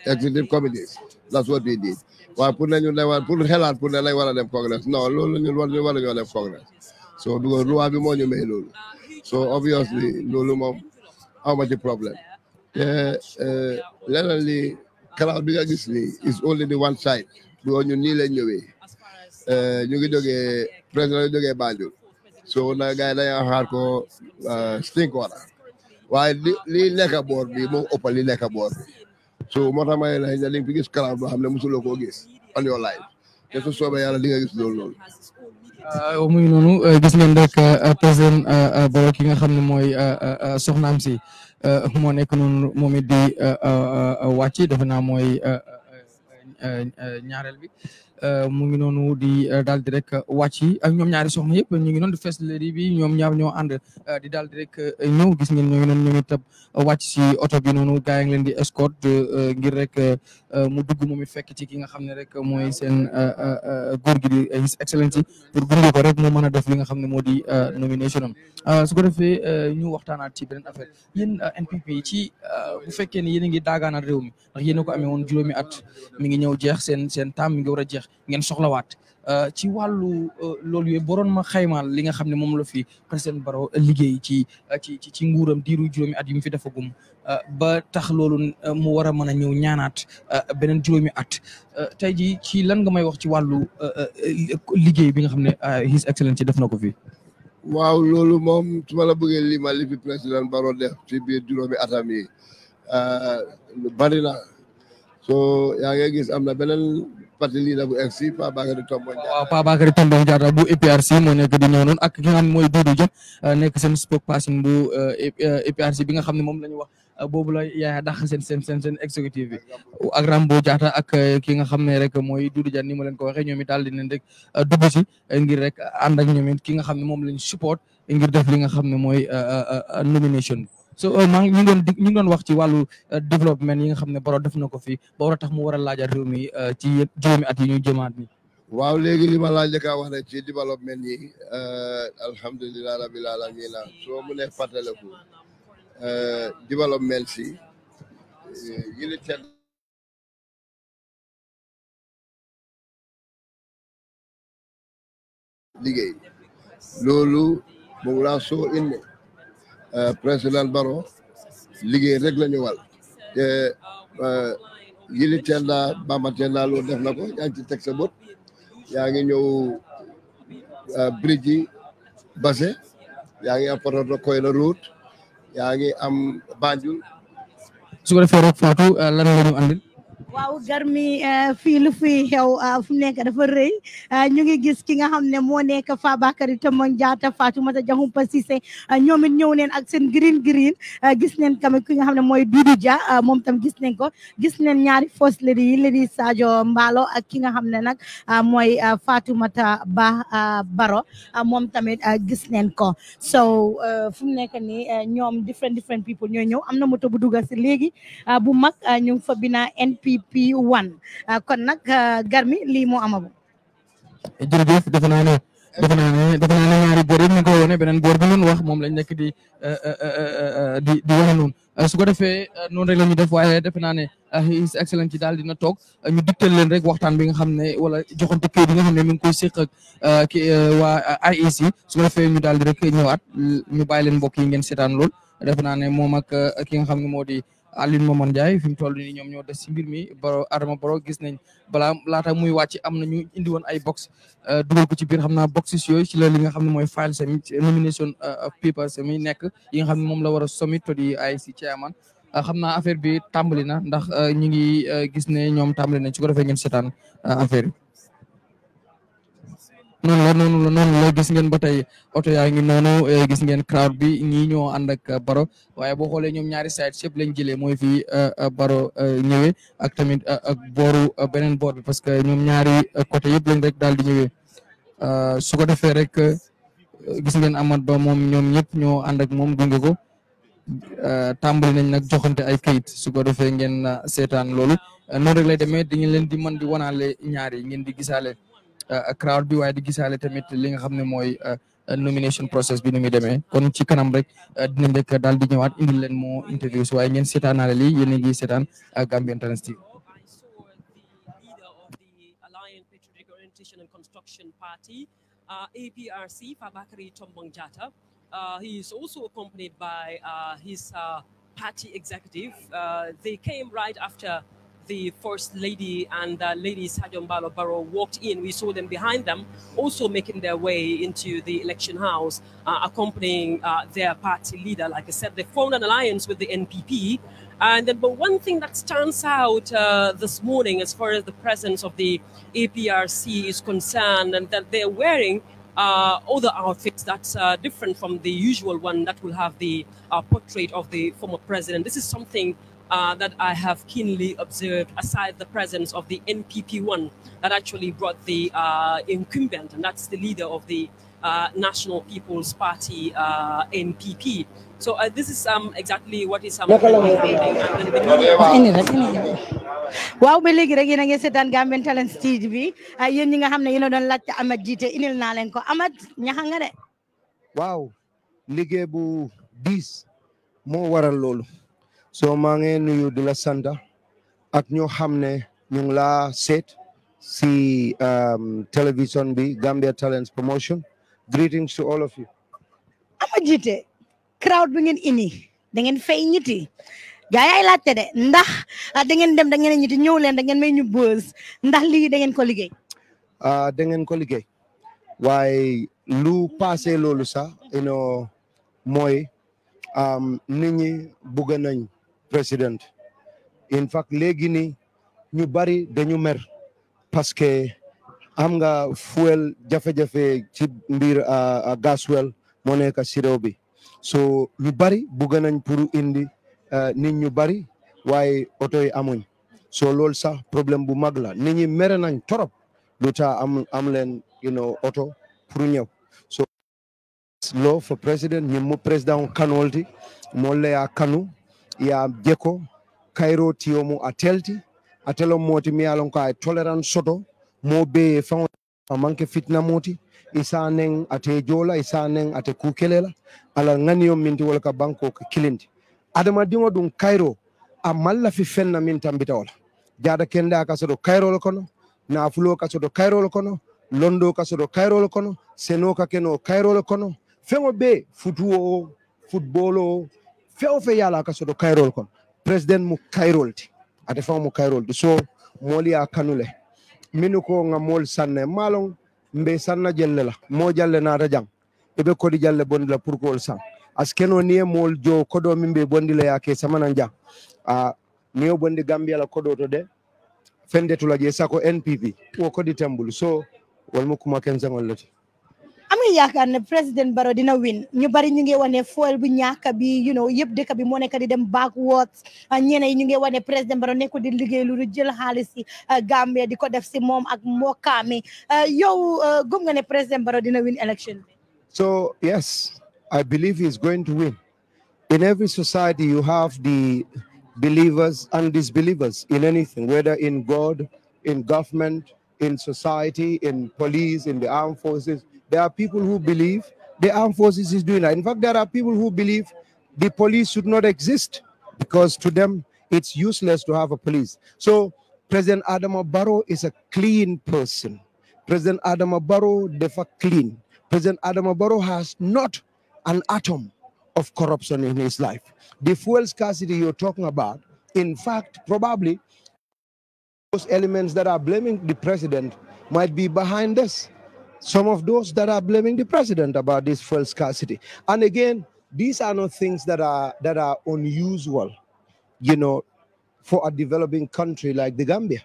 executive committees that's what we did waaye put them? ñun day war pour xelaat pour ne lay war a dem congress non loolu ñun war ñu war a ñoo dem congress so because loi have moo ñu may so obviously loolu how much ma problem? problème te leneen xalaat bi nga gis nii is only the one side bu ñun nii lañ ñëwee eh, ñu ngi jógee président ñu jógee Banjul so na gars yi dañoo xaar ko stink eh, wala li li nekk boor bi moo ëpp li nekk boor bi so moo tax ma ne la fi gis xalaat boo xam ne mosuloo koo gis on your life te su soobee yàlla li gis loolu loolu muy noonu eh, gis ngeen rek président Barrow ki nga xam ne mooy soxnaam si Euh, moo nekk noonu moom it di euh, euh, wàcc defe naa mooy ñaareel bi mu ngi noonu di daal di rek wàcc ak ñoom ñaari soxna yëpp ñu ngi noonu di fes léegi bi ñoom ñaar ñoo ànd di daal di rek ñëw gis ngeen ñoo ngi noonu ñoom itam wàcc si oto bi noonu gaa yi ngi leen di escorte ngir rek Euh, mu dugg moom it fekk ci ki nga xam ne rek mooy seen euh, euh, góor gi di his excellence yi pour gunge ko rek mu mën a def li nga xam ne moo di nomination am su ko defee ñu waxtaanaat ci beneen affaire yéen NPP ci bu fekkee ne yéen a ngi daagaanaat réew mi ndax yéen a ko amee juróomi at mi ngi ñëw jeex seen taam mi ngi war a jeex ngeen soxlawaat Euh, ci wàllu euh, loolu yooyu boroon ma xaymaal li nga xam ne moom la fi président baro liggéey euh, ci ci ci nguuram diiru juróomi at yu mu fi defagum ba tax loolu mu war a mën a ñëw ñaanaat beneen juróomi at tey ji ci lan nga may wax ci wàllu liggéey bi nga xam ne His ci def na ko fi. waaw loolu moom su ma la bëggee limal li fi président Barrow def ci biir juróomi atam yi bari na soo yaa ngi am na beneen. parti leader bu FC Paa Bakary Tombo Ndiatta waaw Paa bu APRC e moo nekk di ñëw ak ki nga xam ne mooy Doudou Dia euh, nekk seen spokesperson bu APRC euh, e euh, e bi nga xam ne moom la ñu wax boobu la yaaya dàq seen seen seen seen bi ak Rambo Diatta ak ki nga xam ne rek mooy Doudou Dia ni ma leen ko waxee ñoom it daal di leen rek dugg si ngir rek ànd ak ñoom it ki nga xam ne moom lañ support ngir def li nga xam ne mooy nomination bi so euh, maa ngi ñu doon di ñu doon wax ci wàllu euh, développement yi nga xam ne Barrow def na ko fi ba tax mu war a laajal euh, ci juróomi at yi ñu jëmaat ni waaw léegi li ma laaj ka wax ne ci développement yi alhamdulilah rabil alamin soo mu ne fàttaleku développement si liggéey loolu moom laa soo Euh, président Barrow liggéey rek la ñu wal te euh, yili teel naa bambatee naa loolu def na ko yaa ngi ci teg sa bët yaa ngi ñëw euh, bridge yi base yaa ngi am Pototo Koyla route yaa ngi am Banjul su ko defee rek Fatou lan la ñu andil waaw garmi eh, fii lu fi xew ah, fu mu nekk dafa rëy ah, ñu ngi gis ki nga xam ne moo nekk Fabakary Tombong Jatta Fatoumata Jahumpa Ceesay ah, ñoom it ñëw neen ak seen green green gis neen tamit ki nga xam ne mooy Dudu Dia moom tam gis neen ko gis neen ñaari first lady yi lady Sadio Mballo ak ki nga xam ne nag mooy Fatoumata Bah Barrow moom tamit gis neen ko so fu mu nekk nii ñoom different different people ñooy ñëw am na moto bu dugal si léegi bu mag fa bina NP GP1 ah, kon nag ah, Garmi lii moo amagu. jërëjëf defe dafa ne defe naa ne defe naa ne ñaari boor yëpp ñu ko wane beneen boor bi wax moom lañ nekk di ah, di di wane noonu su ko defee noonu rek la def waaye defe naa ne his excellence ci daal dina toog ñu digtal leen rek waxtaan bi nga xam ne wala joxante kayit yi nga xam ne mi ngi koy séq ak ki waa IEC su ko defee ñu daal di rek ñëwaat ñu bàyyi leen mbokk yi ngeen seetaan lool defe naa ne moom ak ki nga xam ne moo di. Aline Momar Ndiaye fi mu toll nii ñoom ñoo des si mbir mi Baro Adama Baro gis nañ balaa laata muy wàcc am na ñu indi woon ay box euh, dugal ko ci biir xam naa boxes yooyu ci la li nga xam ne mooy file semi nomination euh, euh, paper semi nekk yi nga xam ne moom la war a sommet to di ay si xam naa affaire bi tàmbali na ndax ñu ngi gis ne ñoom tàmbali nañ su ko defee ngeen seetaan affaire bi. noonu la noonu la noonu la gis ngeen ba tey oto yaa ngi noonu eh, gis ngeen crowd bi ñii ñoo ànd ak eh, Baro waaye boo xoolee ñoom ñaari side yëpp lañ jëlee mooy fii eh, Baro ñëwee ak tamit ak booru beneen boor bi parce que ñoom ñaari côté yëpp lañ rek daal di ñëwee su ko defee rek gis ngeen Amat Ba moom ñoom ñëpp ñoo ànd ak moom gunge ko tàmbali nañ nag joxante ay kayit su ko defee ngeen seetaan loolu noonu rek lay di ngeen leen di ñaari ngeen di gisaale. crowd bi waaye di gissale tamit li nga xamne moy nomination process bi ni mi demee kon ci kanam rek dinañ rek dal di ñëwaat indil leen moo interviews waaye ngeen seetaanaale lii yéen a ngi seetaan Gambian Talents TV Party, uh, APRC, Fabakari Tombong Jata. Uh, he is also accompanied by uh, his uh, party executive. uh, they came right after the First Lady and uh, Lady Sajon Barrow walked in, we saw them behind them, also making their way into the election house, uh, accompanying uh, their party leader. Like I said, they formed an alliance with the NPP. And then, but one thing that stands out uh, this morning, as far as the presence of the APRC is concerned, and that they're wearing uh, other outfits that's uh, different from the usual one that will have the uh, portrait of the former president. This is something uh, that I have keenly observed, aside the presence of the NPP1 that actually brought the uh, incumbent, and that's the leader of the uh, National People's Party uh, NPP. So uh, this is um, exactly what is um, waaw ba léegi rek yéen a ngi seetaan Gambian Talents TV bi ah, yéen nga xam ne yéen a doon laajte Amat Jite inil naa leen ko Amat ñaxa Wow, ligebu waaw liggéey bu waral loolu so ma ngi nuyu di la sant ak ñu xamne ñu la set si si um, television bi Gambia Talents Promotion greetings to all of you. ama jiite crowd bi ngeen ini da ngeen fay ñiti gaa yaay laajte de ndax ah, da ngeen dem da ngeen ñiti ñew leen da ngeen may ñu buzz ndax li da ngeen ko liggéey. Ah, da ngeen ko liggéey waye lu passé lolu sa you know um, nit ñi bugg nañ. président in fact léegi ni ñu bari dañu mer parce que am nga fuel jafe-jafe ci mbir a gaswel moo nekk si réew bi so ñu bari bëgg nañ pour indi nit ñu bari waaye oto yi amuñ so loolu sax problème bu mag la nit ñi mere nañ torop lu tax am am leen oto pour ñëw so law for president ñi mu président kanolti moo laya kanu ya jeko kairo tiomu atelti atelo moti mi alon ka tolerance soto mo be fa manke fitna moti isa neng ate jola isa neng ate kukelela ala ngani minti wala ka banko ka kilindi adama dingo dun kairo a fi fenna min tambita wala jada kenda ka sodo kairo lo kono nafulo ka sodo kairo lo londo ka sodo kairo lo seno ka keno kairo lo fengo be futuo football few fe yala ka sodo kayrol kon president mu kayrol ti ate fa mu kayrol ti so moli ya kanule minu ko nga mol sanne malon mbe sanna jelle la mo jalle na ta jang ebe kodi jalle bondi la pour ko san askeno niye mol jo kodo mimbe bondi la sama samana jang a uh, niyo bondi gambia la kodo to de fende tula je sako npp wo kodi tambul so walmu kuma la lati am nga yaakaar ne président Baro dina win ñu bari ñu ngi wane foil bu ñàkk bi you know yëpp dëkk bi moo nekk di dem backwards ah, ñeneen ñu ngi wane président Baro nekkul di liggéey lu jël xaalis gambe. Ah, Gambia di ko def si moom ak mokkaami ah, yow gëm nga ne président Baro dina win election So yes, I believe he's going to win. In every society, you have the believers and disbelievers in anything, whether in God, in government, in society, in police, in the armed forces. There are people who believe the armed forces is doing that. In fact, there are people who believe the police should not exist because to them it's useless to have a police. So President Adama Barrow is a clean person. President Adama Barrow defa clean. President Adama Barrow has not an atom of corruption in his life. The fuel scarcity you're talking about, in fact, probably those elements that are blaming the president might be behind this some of those that are blaming the president about this fuel scarcity. And again, these are not things that are that are unusual, you know, for a developing country like the Gambia.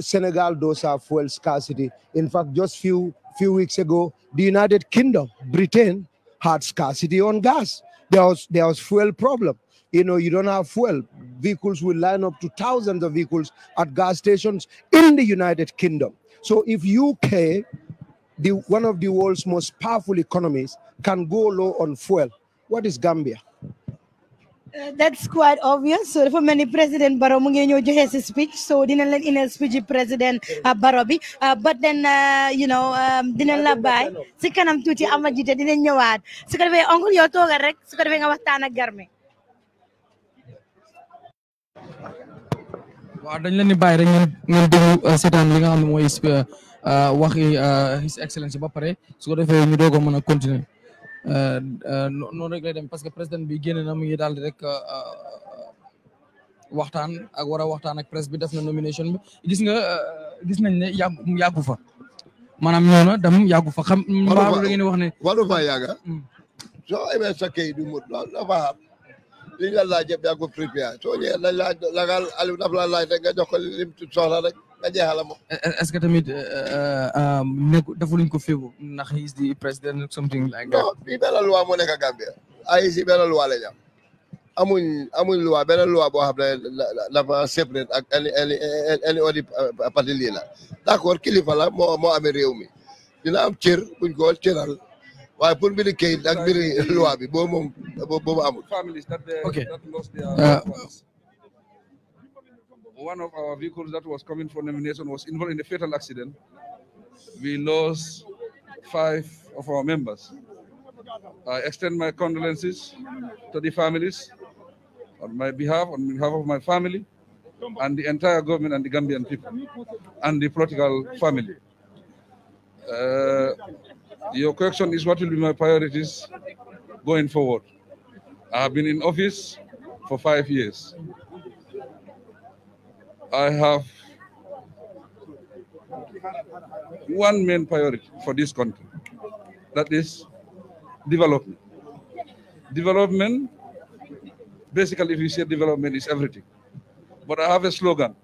Senegal does have fuel scarcity. In fact, just few few weeks ago, the United Kingdom, Britain, had scarcity on gas. There was there was fuel problem. You know, you don't have fuel. Vehicles will line up to thousands of vehicles at gas stations in the United Kingdom. So if UK the, one of the world's most powerful economies can go low on fuel. What is Gambia? Uh, that's quite obvious. So for many President Barrow mu ngi ñëw joxe si speech so dinañ leen inal speech yi President uh, Barobi. bi uh, but then uh, you know um, dinañ la bàyyi si kanam tuuti ama jiite dinañ ñëwaat su ko defee oncle yow toogal rek su ko defee nga waxtaan ak Garmi. waaw dañ leen di bàyyi rek ngeen ngeen déglu uh, seetaan Euh, waxi euh, his excellence ba pare su ko defee ñu doog a mën a continuer euh, noonu rek dem parce que président bi génne na mu ngi daal di rek waxtaan ak war a waxtaan ak presse bi def na nomination bi gis nga gis nañ ne yàggu yàggu fa maanaam ñoo na dem yàggu fa xam. mbaaru la ngeen wax ne waru fa yàgga ah? mm. soo amee sa kayit du mut dafa xam li nga laaj yëpp yaa ko préparé soo ñëwee lañ laaj la nga Aliou dafa la laaj rek nga jox ko soxla rek. na jeexal moom. est-ce que tamit euh, euh, euh, nekku defuluñ ko fébu ndax is the president something like that. non fii benn loi moo nekk Gambia ay si benn loi la amuñ amuñ loi benn loi boo xam ne dafa separate ak any odi uh, parti lii la d'accord kilifa la moo moo amee mi dina am cër buñ ko cëral. waaye pour mbiri kayit ak mbiri loi bi boobu moom boobu amul. ok. one of our vehicles that was coming for nomination was involved in a fatal accident. We lost five of our members. I extend my condolences to the families on my behalf, on behalf of my family, and the entire government and the Gambian people, and the political family. Uh, your question is what will be my priorities going forward. I have been in office for five years. I have one main priority for this country that is development. Development, basically, if you say development, is everything. But I have a slogan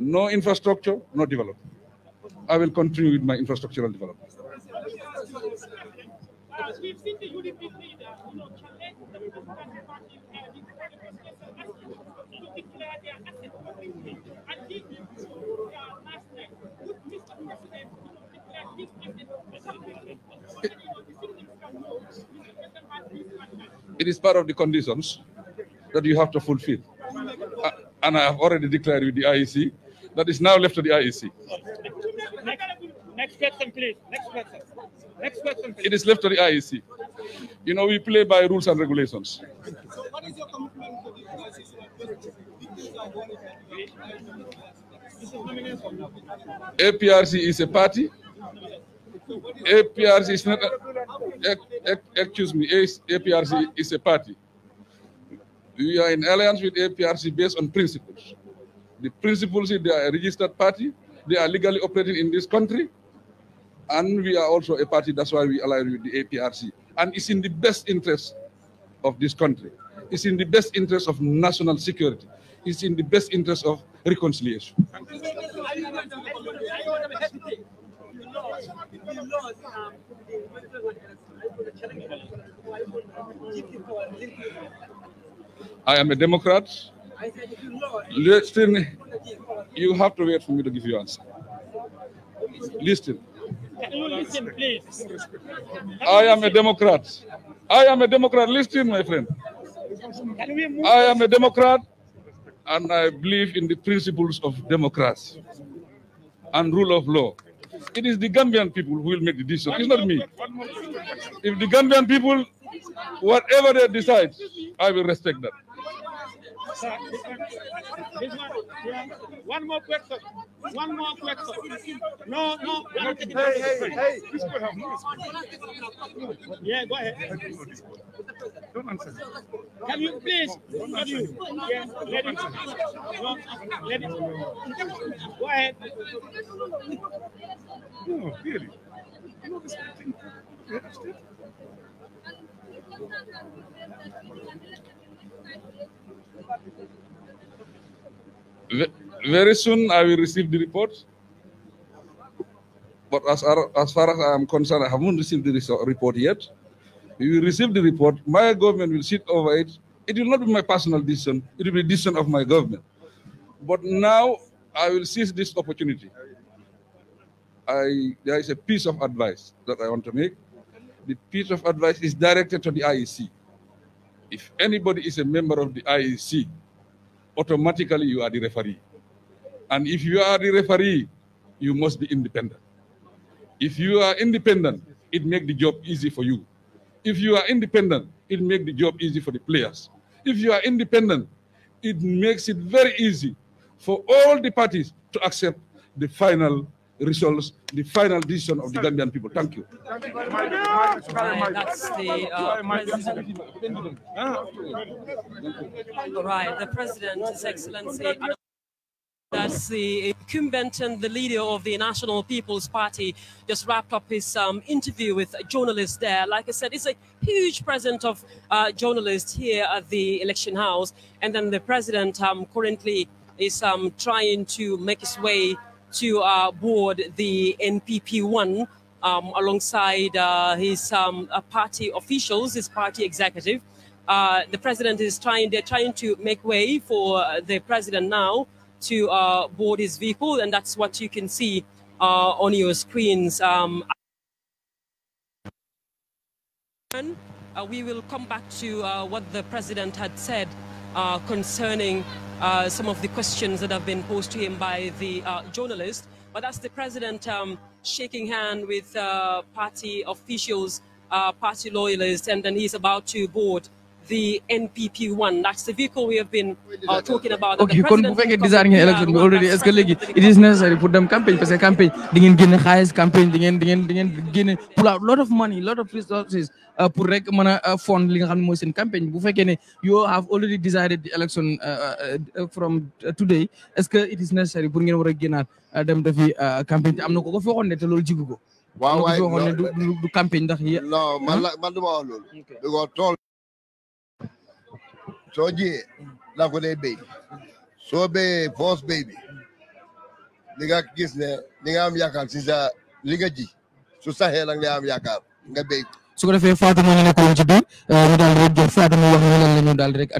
no infrastructure, no development. I will continue with my infrastructural development. we've seen the UDP leader, you know, challenge the It is part of the conditions that you have to fulfill. Uh, and I have already declared with the IEC that is now left to the IEC. Next, next question, please. Next question. Next question, please. It is left to the IEC. You know, we play by rules and regulations. what is your commitment APRC is a party APRC is not, excuse me, APRC is a party. We are in alliance with APRC based on principles. The principles is they are a registered party, they are legally operating in this country, and we are also a party, that's why we align with the APRC. And it's in the best interest of this country. It's in the best interest of national security. It's in the best interest of reconciliation. I am a Democrat. Listen, you have to wait for me to give you answer. Listen. Listen, please. I am a Democrat. I am a Democrat. Listen, my friend. I am a Democrat, and I believe in the principles of democracy and rule of law. It is the Gambian people who will make the decision. It's not me. If the Gambian people, whatever they decide, I will respect that. One more question. One more question. No, no. Hey, hey, hey. Yeah, go ahead. Don't answer. Can you please? Can you? Yeah, let it. No, let it. Go ahead. No, really. I'm not expecting. Yeah, very soon I will receive the report. But as, as far as I am concerned, I haven't received the report yet. We will receive the report. My government will sit over it. It will not be my personal decision. It will be the decision of my government. But now I will seize this opportunity. I, there is a piece of advice that I want to make. The piece of advice is directed to the IEC if anybody is a member of the IEC, automatically you are the referee. And if you are the referee, you must be independent. If you are independent, it makes the job easy for you. If you are independent, it makes the job easy for the players. If you are independent, it makes it very easy for all the parties to accept the final results, the final decision of the Gambian people. Thank you. Right, that's the uh, president. Right, the president, His Excellency. That's the incumbent and the leader of the National People's Party just wrapped up his um, interview with journalists there. Like I said, it's a huge presence of uh, journalists here at the election house. And then the president um, currently is um, trying to make his way to uh, board the NPP one um, alongside uh, his um, uh, party officials, his party executive. Uh, the president is trying, they're trying to make way for the president now to uh, board his vehicle, and that's what you can see uh, on your screens. Um, we will come back to what the president had said uh, concerning uh, some of the questions that have been posed to him by the uh, journalist. But that's the president um, shaking hand with uh, party officials, uh, party loyalists, and then he's about to board the NPP one. That's the vehicle we have been uh, talking about. Okay, kon bu fekkee design ngeen election bi already est-ce it is necessary for them campaign, parce que campagne di ngeen génne xaalis campagne di ngeen di pull out a lot of money a lot of resources uh, pour rek mën a uh, fond li nga xam ne mooy bu fekkee ne you have already decided the election uh, from today est-ce que it is necessary pour ngeen war a génnaat dem defi campagne am na ko ko foogoon ne te loolu jigu ko. waaw campaign. du campagne ndax. non man man du wax loolu. soo jiyee laa ko soo béyee foos béy bi li nga gis ne li nga am yaakaar si sa li nga ji su saxee nag nga am yaakaar nga béy. su ko defee Fatou moo ñu nekkoon ci bi euh, ñu daal di rek jox mu wax ñu lan la ñu daal di rek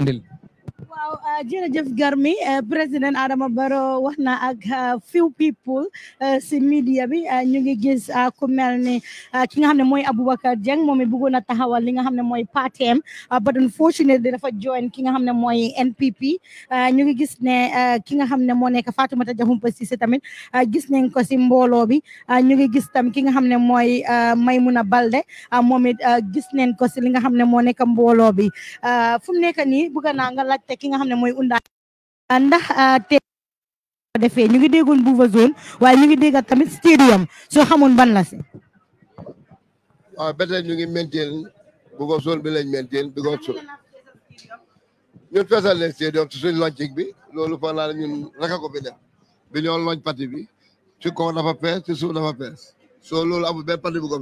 waaw ah, jërëjëf Garmi eh, président Adama Barrow wax na ak ah, few people eh, si media bi eh, ñu ngi gis ah, ku mel ni ki nga xam ne mooy Aboubacar Jeng moom mi bëggoon taxawal li nga xam ne mooy partem but unfortunately dafa join ki nga xam ne mooy NPP ñu ngi gis ne ki nga xam ne moo nekk Fatoumata Jahumpa Ceesay tamit gis nañ ko si mbooloo bi ñu ngi gis tam ki nga xam ne mooy Maymuna Balde moom it gis nañ ko si li nga xam ne moo nekk mbooloo bi fu mu nekk nii bëgg naa ki ki nga xam ne mooy undaan ndax ah, te ñu ngi déggoon Buuba zone waaye ñu ngi déggat tamit stadium soo xamoon ban la si waaw ba ñu ngi maintain Buuba zone bi lañ maintain because ñun feesal stadium si suñ loncik bi loolu fa naa ñun raka ko fi def bi ñoo lonc parti bi ci kaw dafa fees ci suuf dafa fees soo loolu amul benn parti bu ko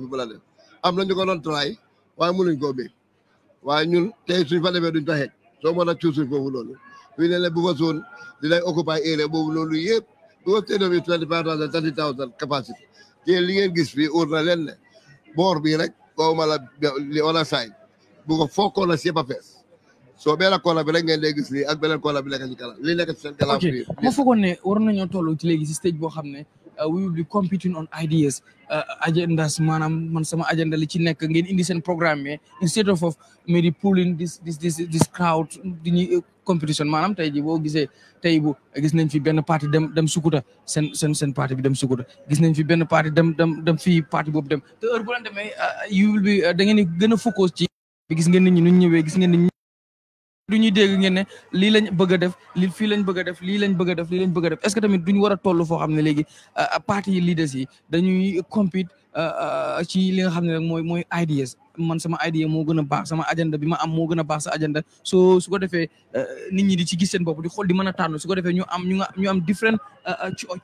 am na ñu try waaye mënuñ koo bi waaye ñun tey suñ fa demee duñ taxeej soo mën a cuusul foofu loolu fii ne la bu fa zone dinañ occupy area boobu loolu yëpp bu ko stadium bi twenty five thousand thirty thousand capacity te li ngeen gis fii óor na leen ne boor bi rek koo ma la li on a saay bu ko foog koona si yëpp a fees soo beneen koona bi rek ngeen gis lii ak beneen bi nekk ci kanam li nekk ci seen kanam ok ma foogoon ne war nañoo toll ci léegi si stage boo xam ne Uh, we will be competing on ideas uh, agendas maanaam man sama agenda li ci nekk ngeen indi seen programme mais instead of maybe pulling this this this this crowd di ñuy uh, competition maanaam tey ji boo gisee tey bu gis nañ fi benn parti dem dem Sukuta seen seen seen parti bi dem Sukuta gis nañ fi benn parti dem dem dem fii parti boobu dem te heure bu leen demee you will be da ngeen gën a focus ci gis ngeen nit ñi nu gis ngeen nit ñi lu ñuy dégg ngeen ne lii lañ bëgg a lii fii lañ bëgg def lii lañ bëgg def lii lañ a def est-ce que tamit duñu war a toll foo xam ne léegi euh, euh, parti yi leaders yi dañuy compete euh, ci li nga xam ne rek mooy mooy ideas man sama idea moo gën a baax sama agenda bi ma am moo gën a baax sa agenda soo su ko defee nit ñi di ci gis seen bopp di xool di mën a tànn su ko defee ñu am ñu nga ñu am different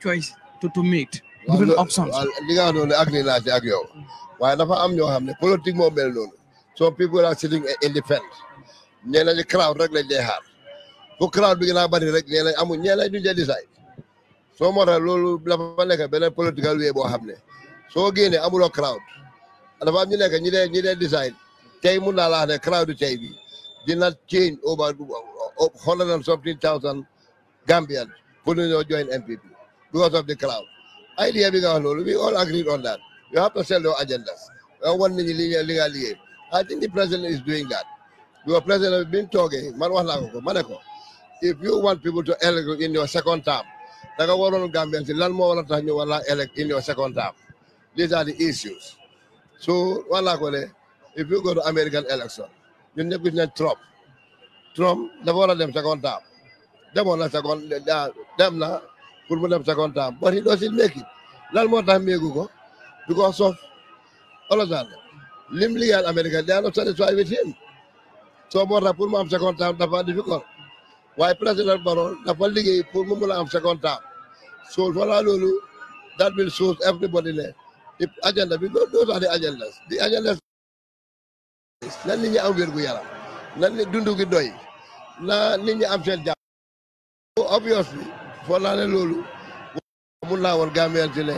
choice to to make different options li nga wax a ak ni ak yow waaye dafa am ñoo xam ne politique moo mel noonu so people are sitting in ñee nañu crowd rek lañ dee xaar fu crowd bi gën a bari rek ñee nañ amul ñee nañ duñ dee soo moo tax loolu dafa nekk beneen political way boo xam ne soo génnee amuloo crowd dafa am ñu nekk ñi dee ñi dee design tey mun naa la wax ne bi dina change over hundred and something thousand Gambian pour ñu ñoo join MPP because of the crowd idea bi nga wax loolu we all agreed on that you have to sell your agendas wan nañu li nga liggéey I think the president is doing that because President bi mu toogee man wax naa ko ko ma ne ko if you want people to elect in your second term da nga waroon si lan moo war a tax ñu war laa elect in your second term these issues so wax naa if you go to American election ñun ñëpp gis nañ Trump Trump dafa war dem second term na dem na pour mu dem second term but he doesn't make lan moo tax méegu ko because of all of that lim liggéeyal with him soo moo tax mu am second dafa difficile waaye président Barrow dafa liggéey pour mu mun am second terme so voilà loolu that will show everybody ne the agenda bi those are the agendas the agendas nan nit ñi am wér gu yaram nan nit na nit am seen jàmm obviously foo naa ne loolu mun naa woon Gambien ci ne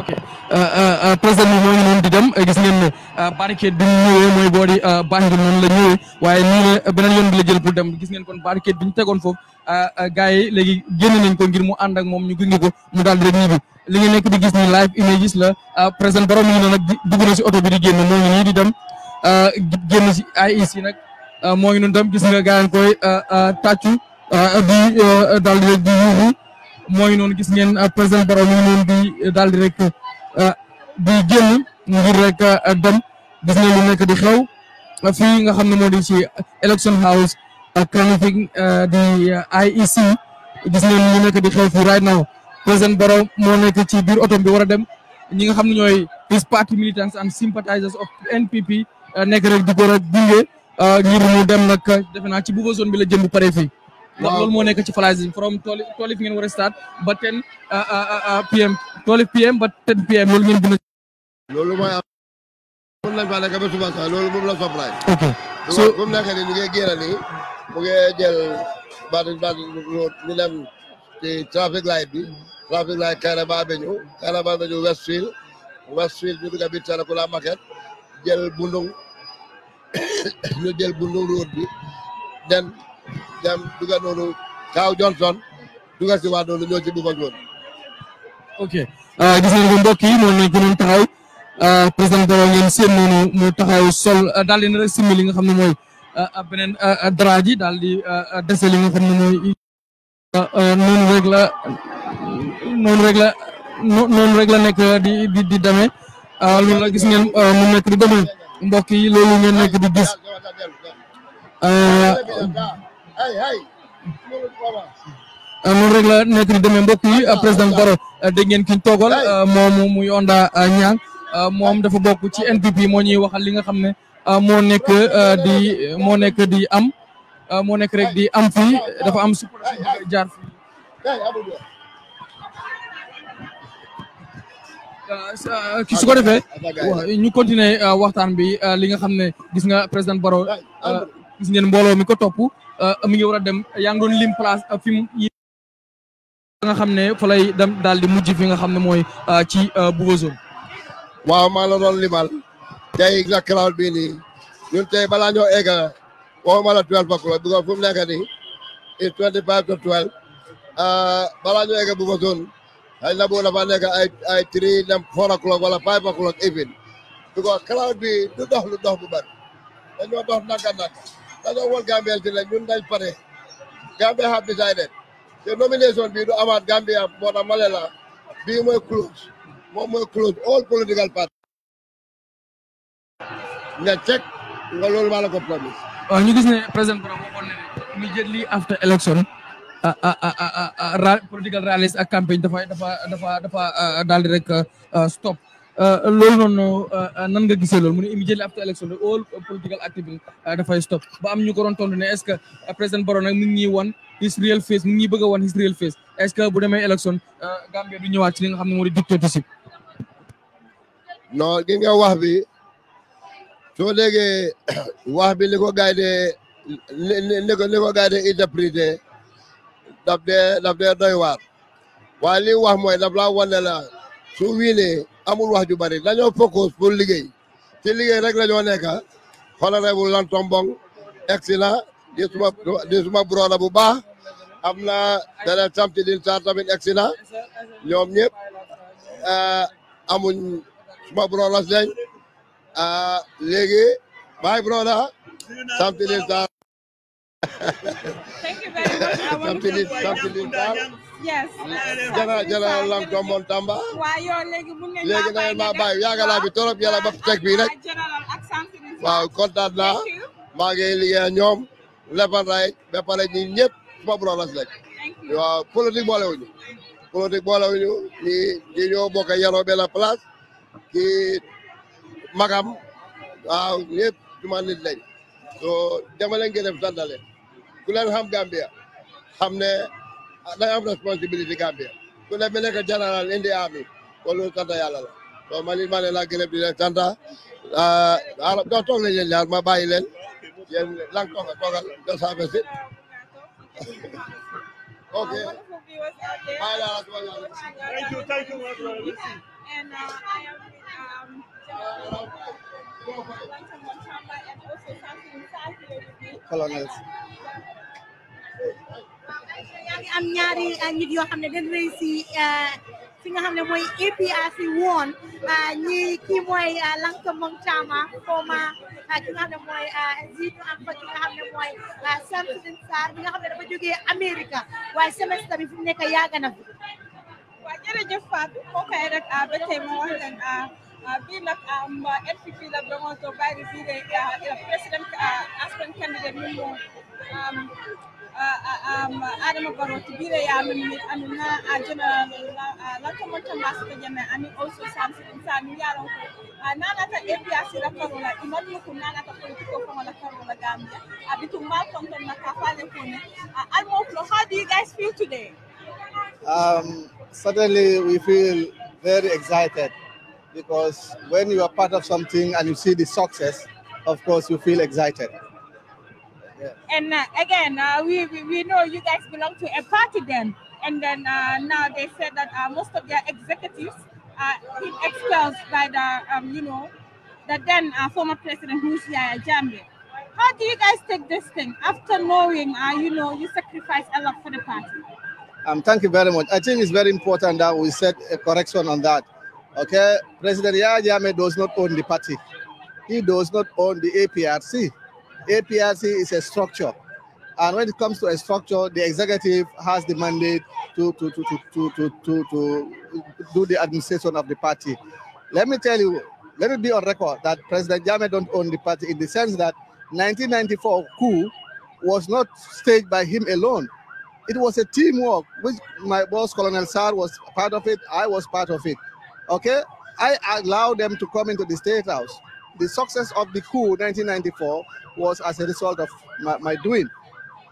ok euh, euh, euh, président bi moo ngi a di dem gis ngeen ne barricade bi mu ñëwee mooy boori la ñëwee waaye nii la beneen yoon bi la jël pour dem gis ngeen kon barricade bi ñu tegoon foofu gars yi léegi génn nañ ko ngir mu ànd ak moom ñu gunge ko mu daal di rek ñibbi li nga nekk di gis ni live images la président borom mi ngi na si oto bi di génn moo ngi nii di dem génn si IEC nag moo ngi noonu tam gis nga gars yi koy tàccu di daal mooy noonu gis ngeen euh, président Barrow ñu noonu di euh, daal di rek euh, di génn ngir rek dem gis ngeen lu nekk di xew fii nga xam ne moo di ci election house Kanifing di IEC gis ngeen lu nekk di xew fii right now président Barrow moo nekk ci biir otom bi war a dem ñi nga xam ne ñooy his party militants and sympathizers of NPP nekk rek di ko rek gunge ngir mu dem nag defe naa ci boobu zone bi la jëm bu pare fii ndax loolu moo nekk ci flash from tool toolif ah, ah, ah, mooy am mun lañ fa nekk loolu moom la soppalaay ok so moom nekk ni ñu ngi génn nii mu ngi jël baatin baatin road ñu dem ci light bi traffic light Kairaba Avenue Kairaba Avenue Westfield Westfield ñu dugg bi Serekunda market jël bundung ñu jël bundung road bi den dem dugal noonu Kaaw Johnson dugal si waat noonu ñoo ci duggoon woon. ok ah, gis nañu ko mbokk yi noonu lañ ko doon taxaw ah, président Barrow ngeen seen noonu mu taxaw sol ah, daal di rek simmi li nga xam ne mooy beneen dara ji daal di dese li nga xam ne mooy noonu rek la noonu rek la noonu rek la nekk di di di demee loolu la gis ngeen mu nekk di demee mbokk yi loolu ngeen nekk di gis. noonu eh, rek la nekk di demee mbokk yi eh, président Barrow eh, dégg ngeen kiñ yonda moom muy Onda Niang moom dafa bokk ci NPP mo ñuy waxal li nga xam mo moo di mo neke di am mo neke rek di am fii dafa am su jaar fii ki su ko defee ñu continuer waxtaan bi li nga xam ne gis nga président Barrow gis ngeen mi ko Euh, mi ngi war a dem yaa ngi place euh, fi mu nga xam ne fa lay dem daal di mujj fi nga xam ne mooy euh, ci Bougazoum. ñun tey balaa ñoo egg waxuma la twelve o'clock bi nga fu mu nekk twenty five to twelve balaa ñoo egg Bougazoum xëy na boobu dafa nekk ay ay three dem four o'clock wala five o'clock even because crowd bi du dox lu dañoo dox naka naka. that's not what Gambia bii du amaat Gambia moo tax ma ne la nga cek nga loolu maa la ko promise waaw ñu gis ne président Barrow waxoon ne immediately after election political rallies ak campagne dafa dafa euh, daal rek euh, stop loolu noonu nan nga gisse loolu mune ne immediately after election the all political da fay stop ba am ñu ko ron tondu ne est ce que président Barrow nak mu ngi won his real face mu ngi bëgg won his real face est ce que bu demee election gambie du ñëwaat ci li nga xam ne moo di dictatorship non gi nga wax bi so déggee wax bi liko ko gaay de li ko gaay de interprété dab dee dab dee doy waar wa li wax moy dab la wonela la su wiinee amul wax ju bari dañoo focus liggéey ci liggéey rek la ñoo nekk honorable Lantombong excellent di suma di suma broda bu baax am na dara tamti tar tamit excellent ñoom ñëpp eh, amuñ suma brodas lañ eh, léegi bye broda tamti tar yes jara lang tombon tamba waaw na leen ma bàyyi yaaga laa bi torop yàlla ba teg bi rek waaw kontaan naa maa ngi liggéey ñoom lebal ba pare ñi ñëpp suma brothers rek waaw politique boolewuñu politique boolewuñu ñi ñi ñoo bokk yaroo benn place ki magam waaw ñëpp suma nit lañ so dama leen gën a tàndale Gambia xam Ada yang responsibility Gambia ku ne nekk général indi ami kon loolu sant yàlla la so man it ma ne laa gërëm di leen ah arab doo toog leen ñaar ma bàyyi leen yéen lan tooga toogal doo saabe si thank you thank you and uh, I am um, Colonels. Uh, yaa ngi am ñaari uh, nit yoo xam ne dañ a uh, fi nga xam ne mooy APRC woon uh, ñi kii mooy Lankamang Chama former ki nga xam ne mooy njiitu am fa ki nga bi nga xam ne dafa jógee Amérique waaye semestre bi fu mu nekk yàgg na fi waaw jërëjëf nag um, adama baro to be there amin amin na ajana la to mo tamba suka jama amin also sam sam yaron ko nana ta APRC la karola imadu ko nana ta politiko do you guys feel um suddenly we feel very excited because when you are part of something and you see the success of course you feel excited and uh, again, uh, we, we, we know you guys belong to a party then. And then uh, now they said that uh, most of their executives are uh, expelled by the, um, you know, the then uh, former president, who's Jambi. How do you guys take this thing after knowing, you know, you sacrifice a lot for the party? Um, thank you very much. I think it's very important that we set a correction on that. Okay, President Yahya does not own the party. He does not own the APRC. APRC is a structure. And when it comes to a structure, the executive has the mandate to, to, to, to, to, to, to, do the administration of the party. Let me tell you, let it be on record that President Jame don't own the party in the sense that 1994 coup was not staged by him alone. It was a teamwork, which my boss, Colonel Sar, was part of it. I was part of it. Okay? I allowed them to come into the State House the success of the coup 1994 was as a result of my, my doing.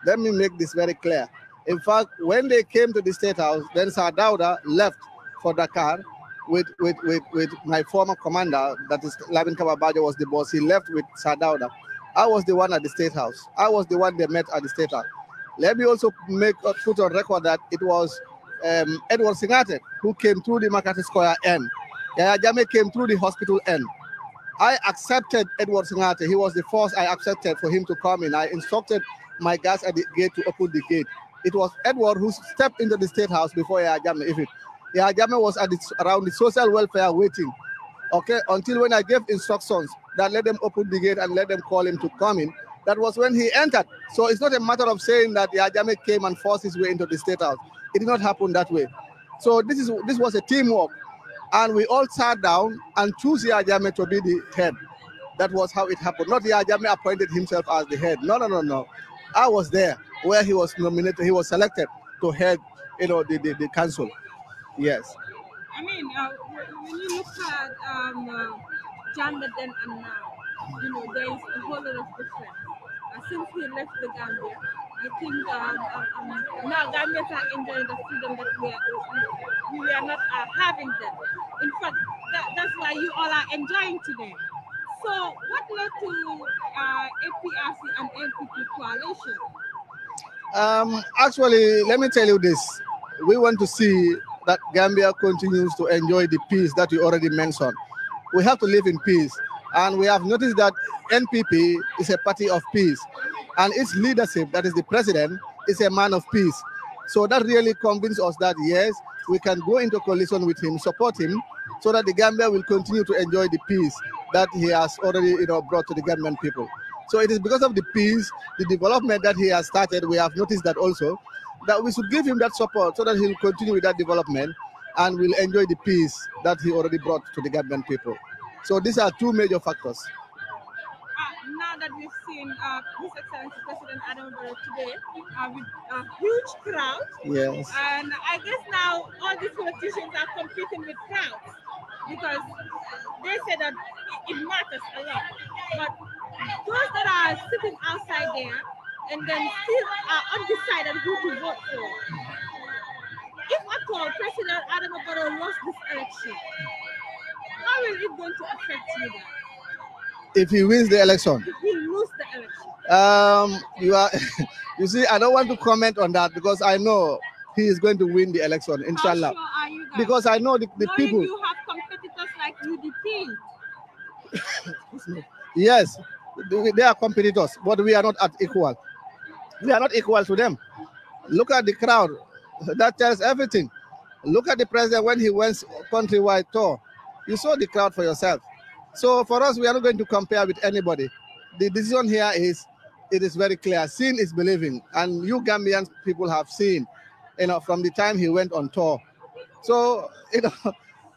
Let me make this very clear. In fact, when they came to the State House, then Sadauda left for Dakar with, with, with, with my former commander, that is Lavin Kababaja was the boss. He left with Sadauda. I was the one at the State House. I was the one they met at the State House. Let me also make a put on record that it was um, Edward Singate who came through the Makati Square end. Yaya Jame came through the hospital end. I accepted Edward Singate. He was the first I accepted for him to come in. I instructed my guys at the gate to open the gate. It was Edward who stepped into the state house before Yajame even. Yajame was at the, around the social welfare waiting. Okay, until when I gave instructions that let them open the gate and let them call him to come in, that was when he entered. So it's not a matter of saying that Yajame came and forced his way into the state house. It did not happen that way. So this is this was a teamwork. And we all sat down and chose Yajame to be the head. That was how it happened. Not Yajame appointed himself as the head. No, no, no, no. I was there where he was nominated, he was selected to head, you know, the, the, the council. Yes. I mean, uh, when you look at um, uh, then and now, you know, there is a whole lot of difference. Uh, since he left the Gambia, I think uh, um, um, now Gambia are enjoying the freedom that we are, we, are not uh, having them. In fact, that, that's why you all are enjoying today. So what led to uh, APRC and NPP coalition? Um, actually, let me tell you this. We want to see that Gambia continues to enjoy the peace that you already mentioned. We have to live in peace. And we have noticed that NPP is a party of peace. And its leadership, that is the president, is a man of peace. So that really convinced us that, yes, we can go into coalition with him, support him, so that the Gambia will continue to enjoy the peace that he has already you know, brought to the Gambian people. So it is because of the peace, the development that he has started, we have noticed that also, that we should give him that support so that he'll continue with that development and will enjoy the peace that he already brought to the Gambian people. So these are two major factors. Ah, now that we've seen uh, His Excellency President Adam today uh, with a huge crowd, yes, and I guess now all these politicians are competing with crowds because they say that it matters a lot. But those that are sitting outside there and then still are undecided who to vote for. If at all President Adam Barrow lost this election, how is it going to affect you then? If he wins the election. If he loses the election. Um, you are, you see, I don't want to comment on that because I know he is going to win the election, inshallah. Sure because I know the, the people. You have competitors like UDP. yes, they are competitors, but we are not at equal. We are not equal to them. Look at the crowd. That tells everything. Look at the president when he went countrywide tour. You saw the crowd for yourself. So for us, we are not going to compare with anybody. The decision here is it is very clear. Seeing is believing, and you Gambian people have seen, you know, from the time he went on tour. So you know,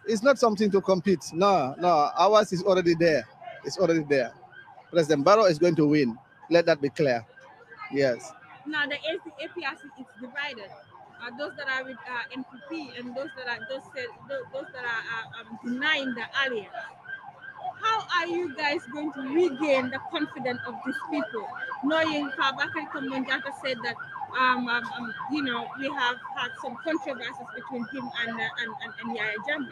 it's not something to compete. No, no, ours is already there. It's already there. President Barrow is going to win. Let that be clear. Yes. Now the APRC is divided uh, those that are with uh, NPP and those that are those, those that are um, denying the alliance. How are you guys going to regain the confidence of these people, knowing Fabakari Kombonjata said that um, um, um, you know we have had some controversies between him and uh, and, and, and Yaya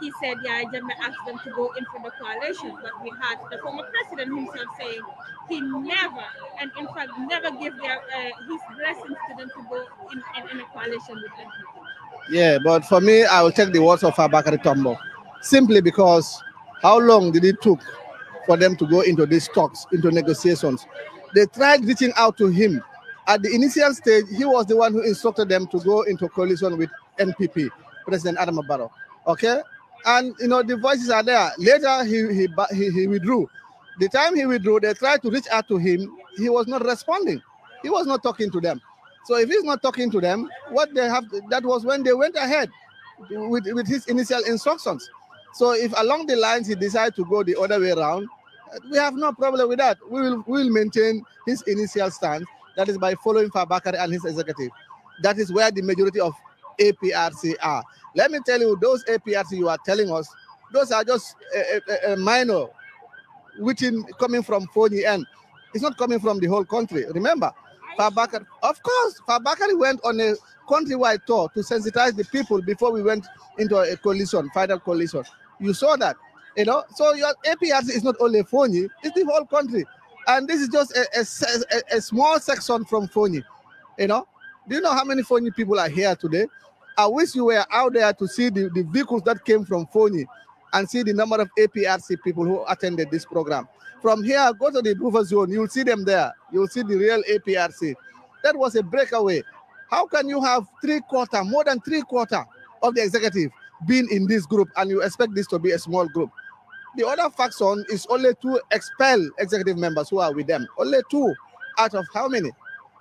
he said yeah, I just asked them to go in for the coalition, but we had the former president himself saying he never, and in fact never gave their, uh, his blessings to them to go in, in, in a coalition with them. Yeah, but for me, I will take the words of Abakari Tombo, simply because how long did it took for them to go into these talks, into negotiations? They tried reaching out to him. At the initial stage, he was the one who instructed them to go into coalition with NPP, President Adam Barrow. Okay, and you know the voices are there. Later he he he, he withdrew. The time he withdrew, they tried to reach out to him. He was not responding. He was not talking to them. So if he's not talking to them, what they have that was when they went ahead with, with his initial instructions. So if along the lines he decides to go the other way around, we have no problem with that. We will we will maintain his initial stance. That is by following Fabakari and his executive. That is where the majority of APRC are. Let me tell you, those APRs you are telling us, those are just a, a, a minor within coming from Foni and it's not coming from the whole country. Remember, Fabakar, of course, Fabakari went on a countrywide tour to sensitize the people before we went into a coalition, final coalition. You saw that, you know. So your APRC is not only Foni, it's the whole country. And this is just a, a, a, a small section from Foni, you know. Do you know how many Foni people are here today? I wish you were out there to see the, the vehicles that came from Foni and see the number of APRC people who attended this program. From here, go to the buffer zone. You'll see them there. You'll see the real APRC. That was a breakaway. How can you have three quarter, more than three quarter of the executive being in this group and you expect this to be a small group? The other faction is only to expel executive members who are with them. Only two out of how many?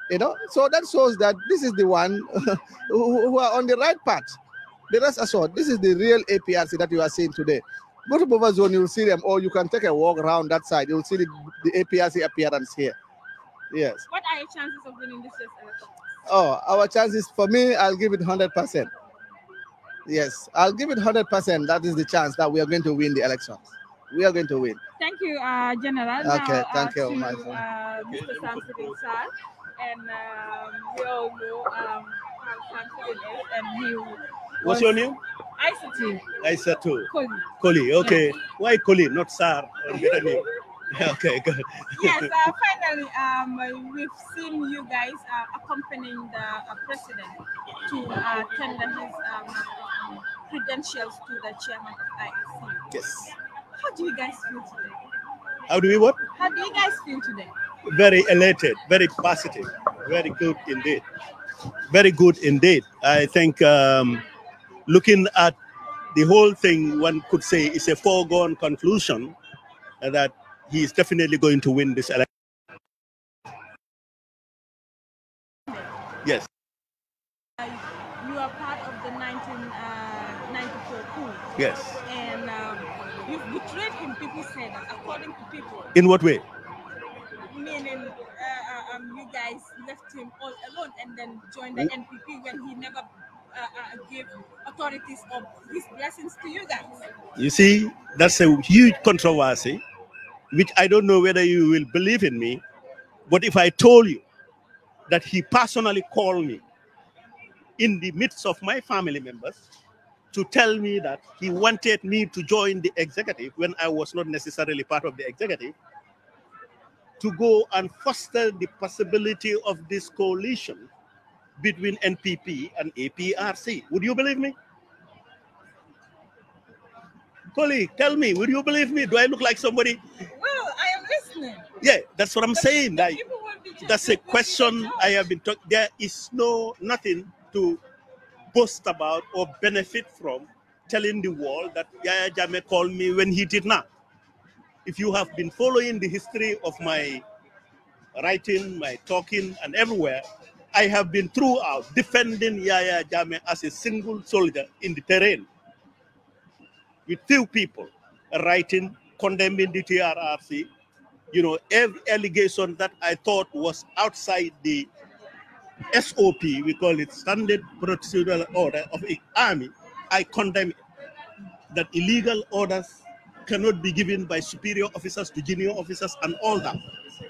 You know, so that shows that this is the one who, are on the right path. The rest are short. This is the real APRC that you are seeing today. Go to Bova Zone, you'll see them, or you can take a walk around that side. You'll see the, the APRC appearance here. Yes. What are your chances of winning this year's election? Oh, our chances, for me, I'll give it 100%. Yes, I'll give it 100%. That is the chance that we are going to win the elections. We are going to win. Thank you, uh, General. Okay, now, thank uh, you, to, my uh, friend. Uh, Mr. Samson and um, we all know um, and What's your name? Isatu. Isatu. Koli. Koli, okay. Yeah. Why Koli, not Sar? okay, good. yes, uh, finally, um, we've seen you guys uh, accompanying the uh, president to uh, tender his um, credentials to the chairman of IEC. Yes. How do you guys feel today? How do we what? How do you guys feel today? very elated, very positive, very good indeed. Very good indeed. I think um, looking at the whole thing, one could say it's a foregone conclusion that he is definitely going to win this election. Yes. Uh, you are part of the 1994 uh, coup. Yes. And um, you betrayed him, people said, according to people. In what way? and then join the NPP when he never uh, uh, gave authorities of his blessings to you guys. You see, that's a huge controversy, which I don't know whether you will believe in me, but if I told you that he personally called me in the midst of my family members to tell me that he wanted me to join the executive when I was not necessarily part of the executive to go and foster the possibility of this coalition between NPP and APRC. Would you believe me? Colleague, tell me, would you believe me? Do I look like somebody? Well, I am listening. Yeah, that's what I'm but saying. Like, that's a question I have been talking. There is no nothing to boast about or benefit from telling the world that Yaya Jame called me when he did not. If you have been following the history of my writing, my talking, and everywhere, I have been throughout defending Yaya Jame as a single soldier in the terrain with few people writing, condemning the TRRC. You know, every allegation that I thought was outside the SOP, we call it Standard Procedural Order of the Army, I condemn it. That illegal orders cannot be given by superior officers to junior officers and all that.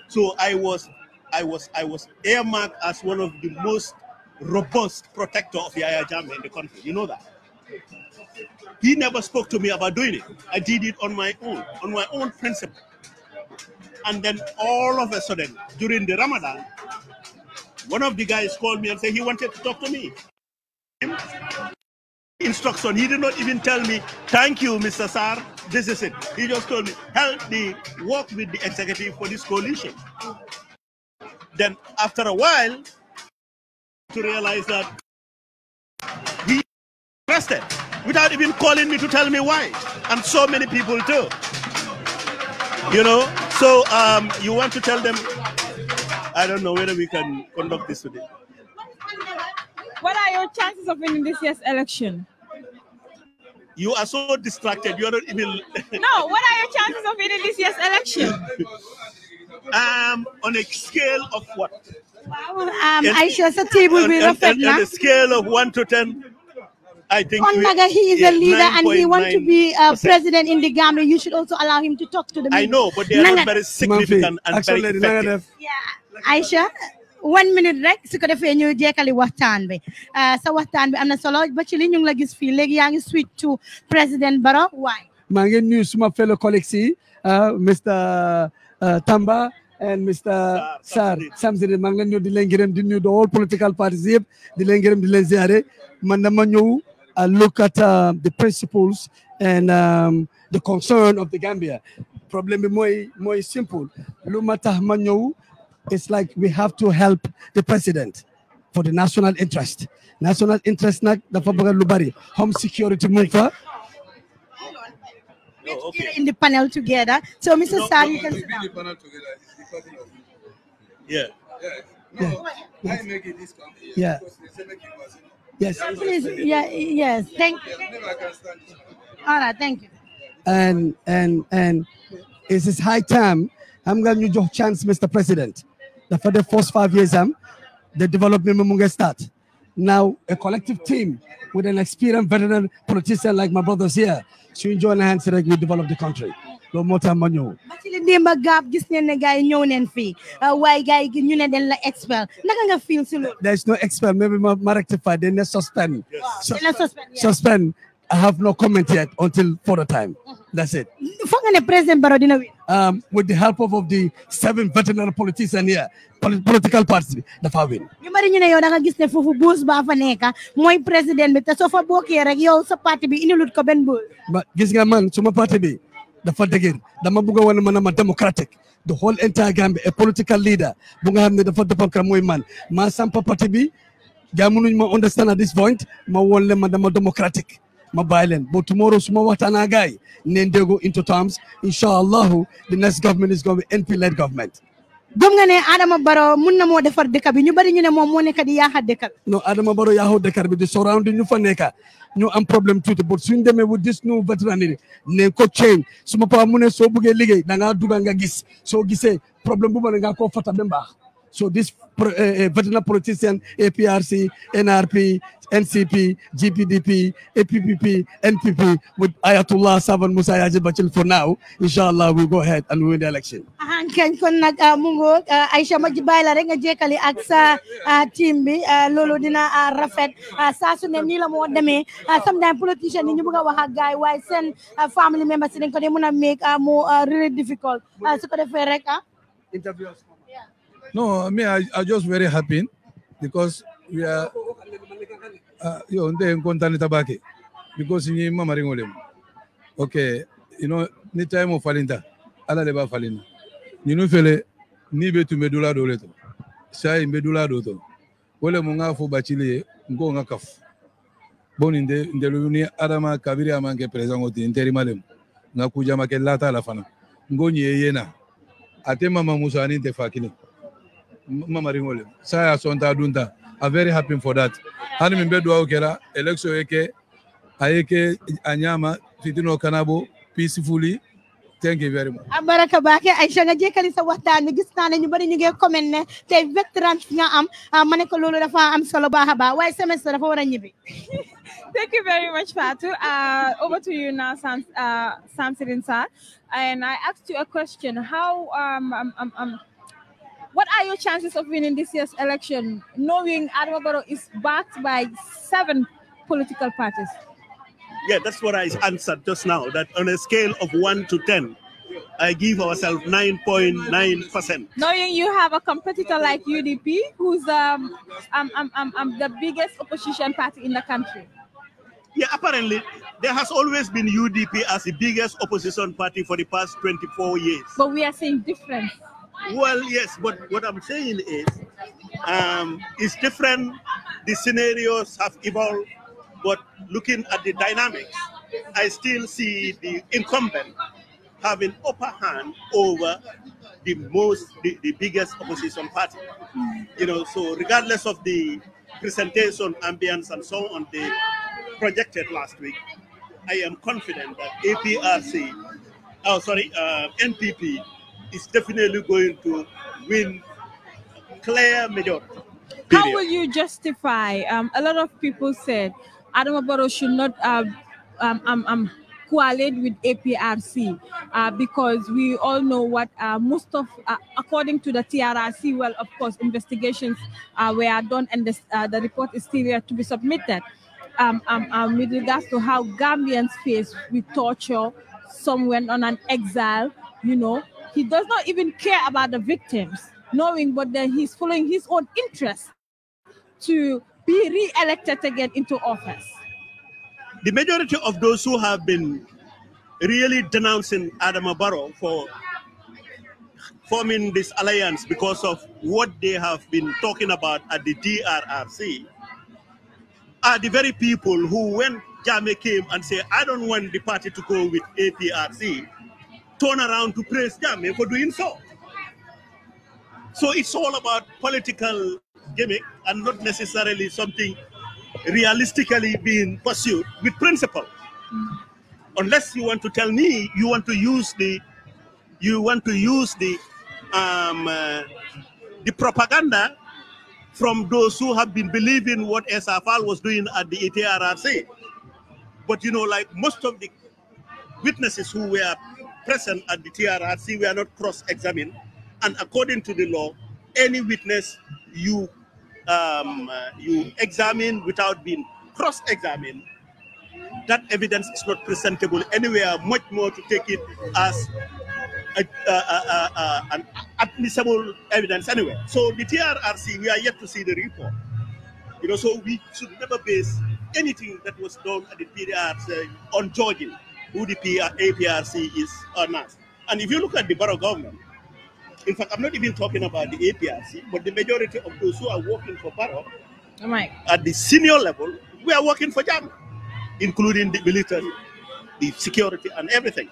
So I was I was I was earmarked as one of the most robust protector of Yaya Jam in the country. You know that. He never spoke to me about doing it. I did it on my own, on my own principle. And then all of a sudden, during the Ramadan, one of the guys called me and said he wanted to talk to me. Instruction. He did not even tell me, thank you, Mr. Sar. This is it. He just told me, help me work with the executive for this coalition. Then after a while, to realize that he arrested without even calling me to tell me why. And so many people do. You know, so um, you want to tell them, I don't know whether we can conduct this today. What are your chances of winning this year's election? You are so distracted. You are not even. no, what are your chances of winning this year's election? Um, on a scale of what? Um, I just a table on, with on, on, a scale of one to ten. I think Onnaga, he is a leader and he wants to be a uh, president in the Gambia. You should also allow him to talk to the media. I know, but they are Nanga. not very significant and Action very effective. Yeah, Aisha, one minute right? su ko defee ñu jekkali waxtaan bi uh, sa waxtaan bi am na solo ba ci li ñu ngi la gis fii sweet to président Barrow why? maa ngi nuyu suma fellow colleagues yi uh, Mr. Uh, Tamba and Mr. Sar Samsiri maa ngi leen ñëw di leen the whole political parties yëpp di leen gërëm di uh, look at uh, the principles and um, the concern of the Gambia problem is mooy simple lu ma tax it's like we have to help the president for the national interest national interest not the bëgg lu home security move. We oh, okay. in the panel together. So, Mr. No, no, you can sit down. the panel together. The panel yeah. Yeah. No, yeah. Yes. I make it this company. Yeah. Yes. Please, yeah, yes. Thank you. All right, thank you. And and and it is high time. I'm going to give you a chance, Mr. President. The for the first five years, um, the development will start now a collective team with an experienced veteran politician like my brothers here su enjoy and hands rek we develop the country loolu moo tax ma ñëw ba ci li démb gaab gis ne ne gars yi ñëw neen fii uh, waaye gars yi ñu ne den la expel naka nga feel si there is no expel maybe ma rectify den ne suspend suspend I have no comment yet until further time. Mm-hmm. That's it. um, with the help of, of the seven veteran politicians here, political parties, the win. You mari ñu ne yow da nga gis ne fofu boos ba fa nekk president bi te so fa boké rek yow sa parti bi inilut ko man suma parti bi dafa dëgër dama bëgg wone man ma democratic the whole entire Gambia a political leader bu nga xamne dafa démocrate moy man my sampa parti bi gamunuñ ma understand at this point my one ma wolle ma dama democratic violent. But tomorrow, watanagai Tanagai, go into terms. Inshallah, the next government is going to be NP-led government. gëm nga ne Adama Barrow mun na moo defar dëkk bi ñu bari ñu ne nekk di Adama bi di ñu fa ñu am problème tuuti but suñ demee with this new veteran, ne ko change suma papa mu ne so buggee liggéey da ngaa dugal nga gis soo problème bu ma nga fata so this Eh, eh, veterinary politician, APRC, NRP, NCP, GPDP, APPP, NPP with Ayatollah Saban Musa Yajibachil for now. Inshallah, we'll go ahead and win the election. can you kon nag ah, mu ngoog ah, Aisha ma Renga, Jekali, Aksa, nga jekkali ak sa ah, dina rafet saa su ne nii la moo demee sometimes politician yi ñu bëgg a wax ak gars yi family members yi dañ ko dee mën a make mu really difficult su ko defee rek ah. interview No, I mean, I, I just very happy because we are. Uh, yo, nde nkonta ni tabake because ni mama ringo lem. Okay, you know, ni time of falinta. Ala le ba falina. Ni nu fele ni be tumbe dula do le to. Sai mbe dula do to. Wole mu nga fo bachili ngo nga kafu. Boni nde nde ni adama kabiri amanke president ngoti interi malem. Nga kuja make lata la fana. Ngo nyi yena. Ate mama Musa ni te fakini. Saya Sonta Dunta. I'm very happy for that. Hani mimbe dua ukera election yake ayeke anyama fitino kanabo peacefully thank you very much sa ñu bari ñu ngi comment ne vétéran nga am ah, ko dafa am solo semestre dafa thank you very much Fatou uh, ah, over to you now Sam uh, Sam Sarr and I asked you a question how um, um, um, um, what are your chances of winning this year's election, knowing Adwabaro is backed by seven political parties? Yeah, that's what I answered just now, that on a scale of 1 to 10, I give ourselves 9.9%. Knowing you have a competitor like UDP, who's um, I'm um, I'm um, um, the biggest opposition party in the country. Yeah, apparently, there has always been UDP as the biggest opposition party for the past 24 years. But we are seeing difference. Well, yes, but what I'm saying is, um, it's different. The scenarios have evolved, but looking at the dynamics, I still see the incumbent having upper hand over the most, the, the biggest opposition party. You know, so regardless of the presentation, ambience, and so on, they projected last week. I am confident that APRC, oh sorry, uh, NPP is definitely going to win clear majority. How will you justify? Um, a lot of people said Adam Barrow should not uh, um, um, um, coalesce with APRC uh, because we all know what uh, most of, uh, according to the TRRC, well, of course, investigations uh, were done and the, uh, the report is still yet to be submitted. Um, um, um, with regards to how Gambians face with torture, someone on an exile, you know, he does not even care about the victims, knowing but then he's following his own interest to be re-elected again into office. The majority of those who have been really denouncing Adam Barrow for forming this alliance because of what they have been talking about at the DRRC are the very people who, when Jame came and said, I don't want the party to go with APRC, turn around to praise Jammeh for doing so. So it's all about political gimmick and not necessarily something realistically being pursued with principle. Mm. Unless you want to tell me you want to use the you want to use the um, uh, the propaganda from those who have been believing what SFL was doing at the ETRRC. But you know, like most of the witnesses who were present at the TRRC we are not cross-examined, and according to the law, any witness you um, uh, you examine without being cross-examined, that evidence is not presentable anywhere. Much more to take it as a, an admissible evidence anyway. So the TRRC, we are yet to see the report. You know, so we should never base anything that was done at the TRRC on judging. UDP or uh, APRC is on us. And if you look at the borough government, in fact, I'm not even talking about the APRC, but the majority of those who are working for borough at the senior level, we are working for JAM, including the military, the security, and everything.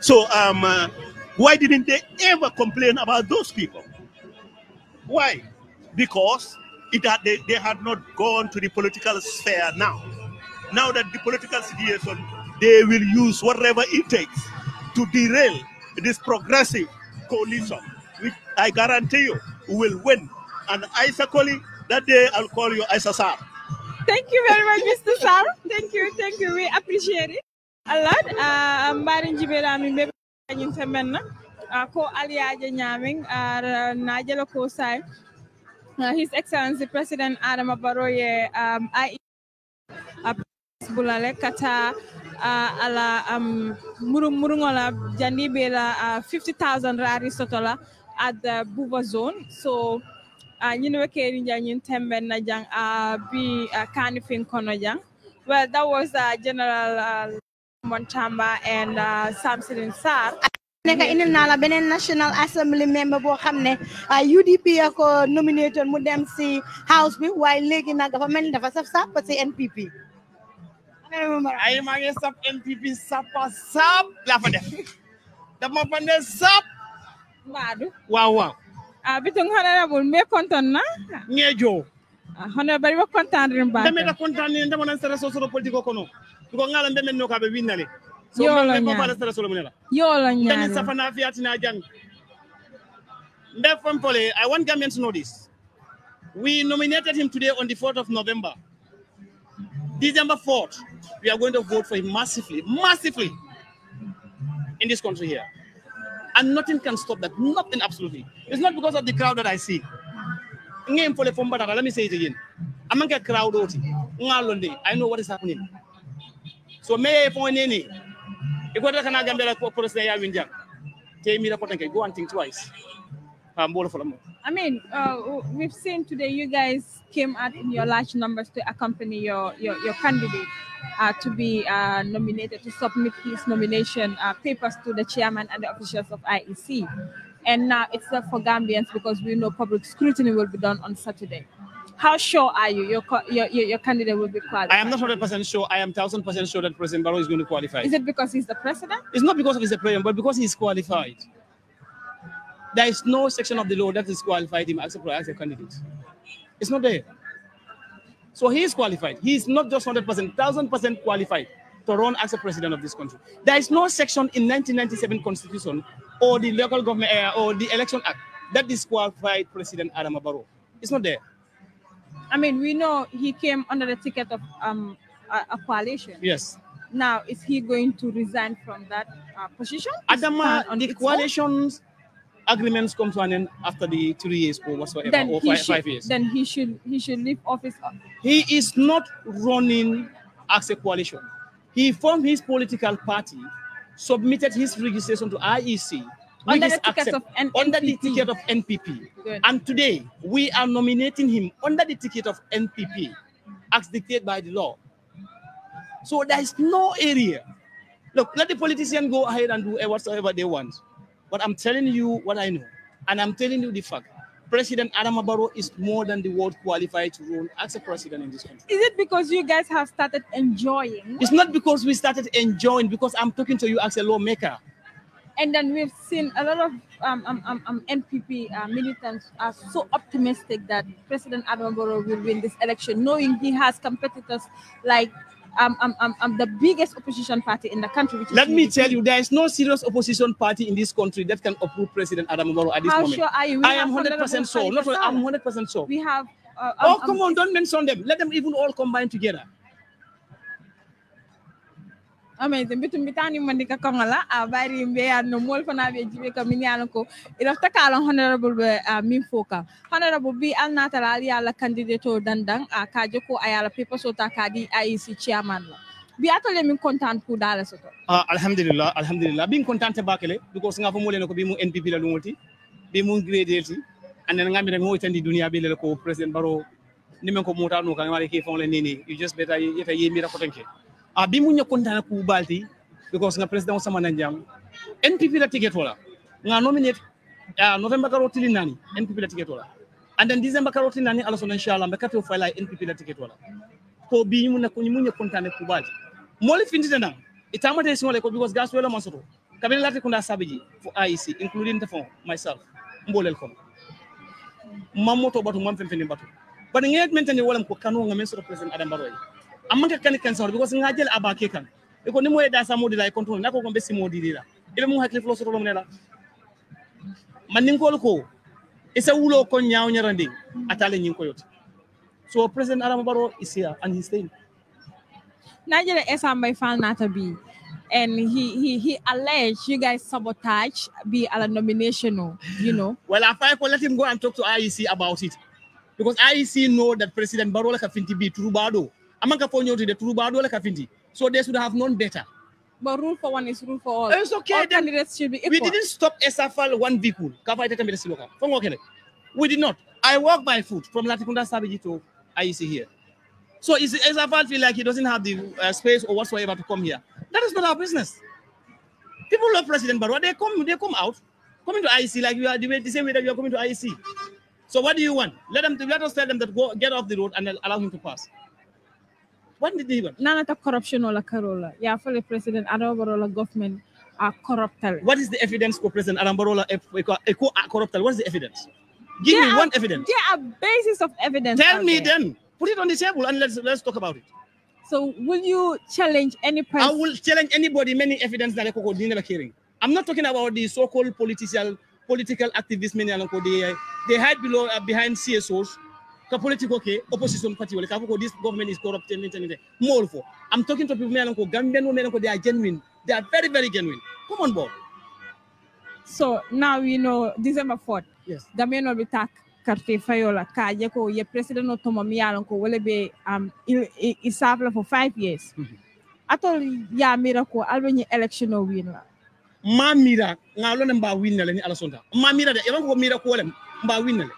So um, uh, why didn't they ever complain about those people? Why? Because it had, they, they had not gone to the political sphere now. Now that the political situation they will use whatever it takes to derail this progressive coalition, which I guarantee you will win. And Isa Koli, that day I'll call you Isa Sar. Thank you very much, Mr. Sar. Thank you, thank you. We appreciate it a lot. Uh, Mbarin Jibera, mi bebe kanyin temenna. Uh, ko aliaje nyaming, najelo uh, Nigel Kosai. Uh, His Excellency President Adam Baroye, um, I, Bulalek, Kata, ala um, Murungala Janibela uh, 50,000 rari la at the Buva zone. So, ñun uh, wekeri janyin tembe na jang a bi uh, kanifin kono jang. Well, that was uh, General Montamba and uh, Sar. nekk indil naa la beneen National Assembly member boo xam ne UDP a nominated mu dem si house bi waaye léegi nag dafa mel ni dafa saf saf NPP ay maa ngi sap MPP sapa sap laa fa def dama fa sap mbaadu waaw waaw a ah, bitung honorable me kontaan na ngejo honorable ah, wa kontaan rin ba da kontaan ni ndama nan sara sosoro politiko kono ko be winnale so me ko bala sara solo munela yola nyaa dani safana fiatina jang pole i want gambians know this we nominated him today on the 4 of november December 4th, we are going to vote for him massively, massively in this country here. And nothing can stop that. Nothing, absolutely. It's not because of the crowd that I see. Let me say it again. I'm not a crowd. I know what is happening. So, may I point any? If you want to the go and think twice. Um, I mean, uh, we've seen today you guys came out in your large numbers to accompany your, your, your candidate uh, to be uh, nominated, to submit his nomination uh, papers to the chairman and the officials of IEC. And now it's up for Gambians because we know public scrutiny will be done on Saturday. How sure are you your, your, your candidate will be qualified? I am not 100% sure. I am 1,000% sure that President Barrow is going to qualify. Is it because he's the president? It's not because he's the president, but because he's qualified. There is no section of the law that disqualified him as a candidate. It's not there. So he is qualified. He is not just 100%, 1,000% qualified to run as a president of this country. There is no section in 1997 constitution or the local government uh, or the election act that disqualified President Adam Barrow. It's not there. I mean, we know he came under the ticket of um, a, a coalition. Yes. Now, is he going to resign from that uh, position? Adama, the coalitions agreements come to an end after the three years or whatsoever, then or five, should, five years. Then he should he should leave office. He is not running as a coalition. He formed his political party, submitted his registration to IEC, under the, accept, of N- under the ticket of NPP. Good. And today we are nominating him under the ticket of NPP, as dictated by the law. So there is no area. Look, let the politician go ahead and do whatsoever they want. But I'm telling you what I know. And I'm telling you the fact. President Adam Barrow is more than the world qualified to rule as a president in this country. Is it because you guys have started enjoying? It's not because we started enjoying, because I'm talking to you as a lawmaker. And then we've seen a lot of um, um, um, um NPP uh, militants are so optimistic that President Adam Barrow will win this election, knowing he has competitors like um, um, um, um, the biggest opposition party in the country. Which Let me tell you, there is no serious opposition party in this country that can uproot President Adam Moro at this How moment. How sure are you? We I am 100% sure. Not, I'm 100% sure. We have. Uh, oh, um, oh, come um, on, don't mention them. Let them even all combine together. amazing bitum bitani mandika kongola abari mbe no mol fana be jibe ka minyala ko ila taka ala honorable be uh, min foka honorable bi al natala ali ala candidate dandang a uh, kaje ko ayala people so takadi IEC chairman la bi atole min content pour dala soto ah alhamdulillah alhamdulillah bin content bakele because nga fo mo ko bi mu NPP la lumoti bi mu gradelti andana ngami re mo tandi dunia be le ko president baro nimen ko mutano kan wala ke fonle nini you just better yeta yemi ra ko abimu ah, nyakontana ku balti because nga president sama nanjam npp la ticket wala nga nominate uh, november karoti linani npp la ticket wala and then december karoti nani alaso inshallah mbakato file npp la ticket wala ko bi mu na ko mu nyakontana ku balti moli findi nan itamata singole ko because gas wala masoto kabin lati kunda sabiji for iec including the phone myself mbolel ko mamoto batu mam fem fem batu but ngayat mentani wala ko kanu nga men president adam baroy amma ka kan kan sawr because nga jël kan e ni moy da sa modi la e control nako ko be si modi la ibe mu hakli floso lo la man ning ko ko e sa wulo ko nyaaw nyarande atale ñing ko yot so president adam baro is here and he's staying Nigeria Esambay found Natabi and he he he alleged you guys sabotage be a nominational, you know. Well, I find let him go and talk to IEC about it. Because IEC know that President Barola to be Trubado amanka fo ñewtude touba dole ka findi so they should have known better but rule for one is rule for all it's okay all candidates should be equal. we didn't stop esafal one vehicle ka fa tata siloka fo ngokene we did not i walk by foot from latikunda sabiji to iec here so is esafal feel like he doesn't have the uh, space or whatsoever to come here that is not our business people love president but they come they come out coming to iec like you are the, the same way that you are coming to iec so what do you want let them let us tell them that go get off the road and allow him to pass what did they even? None of the corruption or la Carola. Yeah, for the president, Adam Barola government are corrupt. What is the evidence for President Adam Barola eh, eh, corrupt? What is the evidence? Give there me are, one evidence. There are basis of evidence. Tell me there. then. Put it on the table and let's let's talk about it. So will you challenge any person? I will challenge anybody, many evidence that I hearing. I'm not talking about the so-called political political activists, many they hide below uh, behind CSOs ka politiko ke opposition party wala ka ko this government is corrupt and anything mol fo i'm talking to people melen ko gambian melen ko they are genuine they are very very genuine come on board so now you know december 4th yes the men will be tak karte fayola ka je ko ye president otomo mi yalan ko wala be um isabla for 5 years mm -hmm. atol ya miracle ko albany election o win la ma mira ngalo ne mba win la ni ala sonda ma mira de yalan ko mira ko le mba win la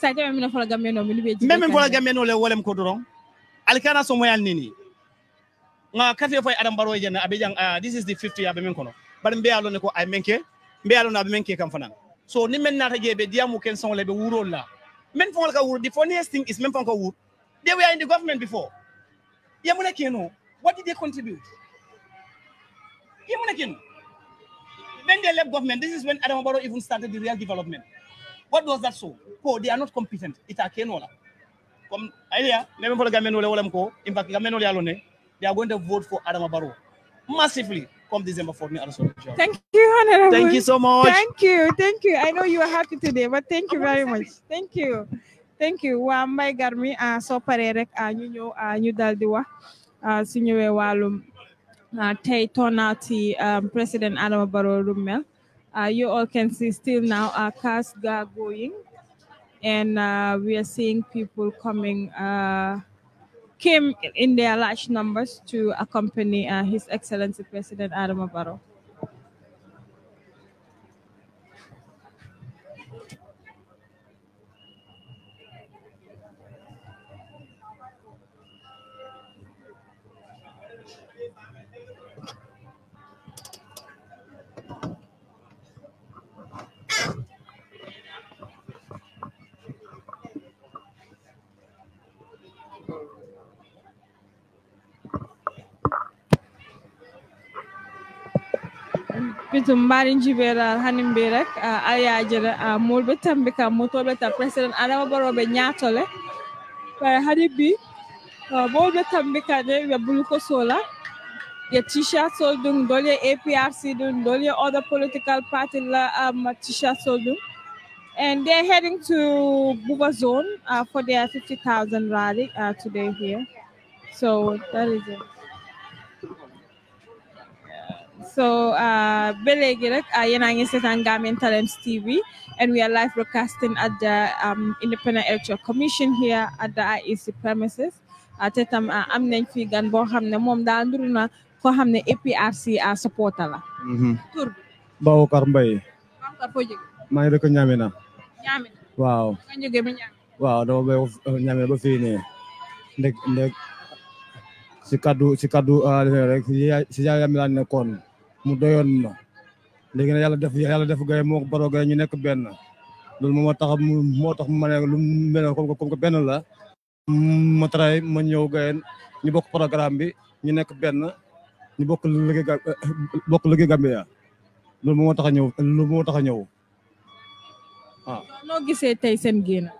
saite ɓe mino fola le wolem ko doron alkana nini nga kafe fay adam baro jen ah, this is the 50 abe min kono bar mbe yalo ne ko ay menke mbe yalo na abe menke kam fanan so ni men nata je be diamu ken son le be wuro la men fon ka the funniest thing is men fon ka wuro they were in the government before yamuna what did they contribute yamuna when they left government this is when adam baro even started the real development what does that show? Ko, oh, they are not competent. It's Ita kenola. Comme alia, même pour le gamin ou le wolem ko, in fact, gamin ou le alone, they are going to vote for Adama Barrow massively come December for me also. Thank you, Honorable. Thank you so much. Thank you, thank you. I know you are happy today, but thank you very much. Thank you. Thank you. Waa Mbaye Garmi ah, soo paree rek ah, ñu ñëw ah, ñu dal di wax su ñëwee wàllum tey turnout président Adama Barrow lu mel. Uh, you all can see still now our cars are going and uh, we are seeing people coming uh, came in their large numbers to accompany uh, His Excellency President Adam Barrow. bitum mbarin jibera hanim be rek ayajere mulbe tambi kam motobe ta president adama barobe nyaatole bare hani bi mulbe tambi kane be buluko sola ye t-shirt sol dun dol APRC dun dol other political party la um, t-shirt sol dun and they're heading to Buba Zone uh, for their 50,000 rally uh, today here. So that is it. So, uh, uh Gambian Talents TV, and we are live broadcasting at the um, Independent Electoral Commission here at the IEC premises. Uh, te Amnen uh, am Boham, fi mom boo xam ne moom daal nduru na koo xam ne APRC supporter la. Mhm. tur bi. Babacar Wow. Babacar foo Wow, maa ngi dëkk Ñamina. waaw. nga jógee ba Ñamina. waaw dama bay Ñamina ba fii nii. ndeg ndeg si kaddu si kaddu rek si yaayam laa nekkoon mu doyon ma léegi na yalla def yalla def gaye moo Baro gay ñu nek ben lool mo tax mo tax mané lu mel ko ko comme que la ma tray ma ñew gay ñu bok programme bi ñu nek ben ñu bok liggéey bok liggéey Gambia lool mo tax ñew lu mo tax ñew ah no gisé tay sen gene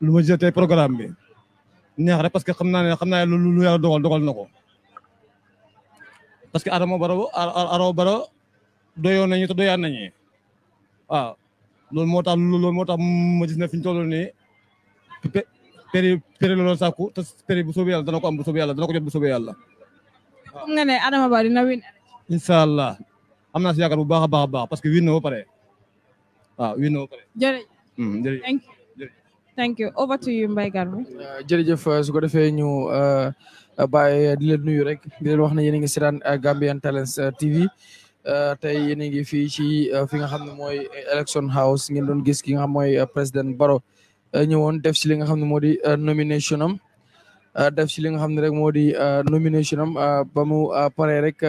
lu ma jé tay programme bi neex rek parce que xamna naa ne lu yalla dogal dogal nako parce que Adama Barrow Adama Barrow doyoon loolu moo ta loolu moo tax ma gis ne fi ñu toll nii péri péri la doon sàkku te péri bu soobee am bu soobee yàlla jot bu soobee nga ne Adama Barrow dina win. allah am naa si yaakaar bu baax a baax a baax parce que win na ba pare waaw win na ba pare. jërëjëf hmm, thank you defee ñu. Euh, Euh, bàyyi euh, di leen nuyu rek di leen wax ne yéen ngi seetaan euh, Gambian Talents TV tey yéen a ngi fii ci fi nga xam ne election house ngeen doon gis ki nga xam mooy président Barrow def ci li nga xam ne moo di nomination am def ci li nga xam rek moo di nomination am ba mu paree rek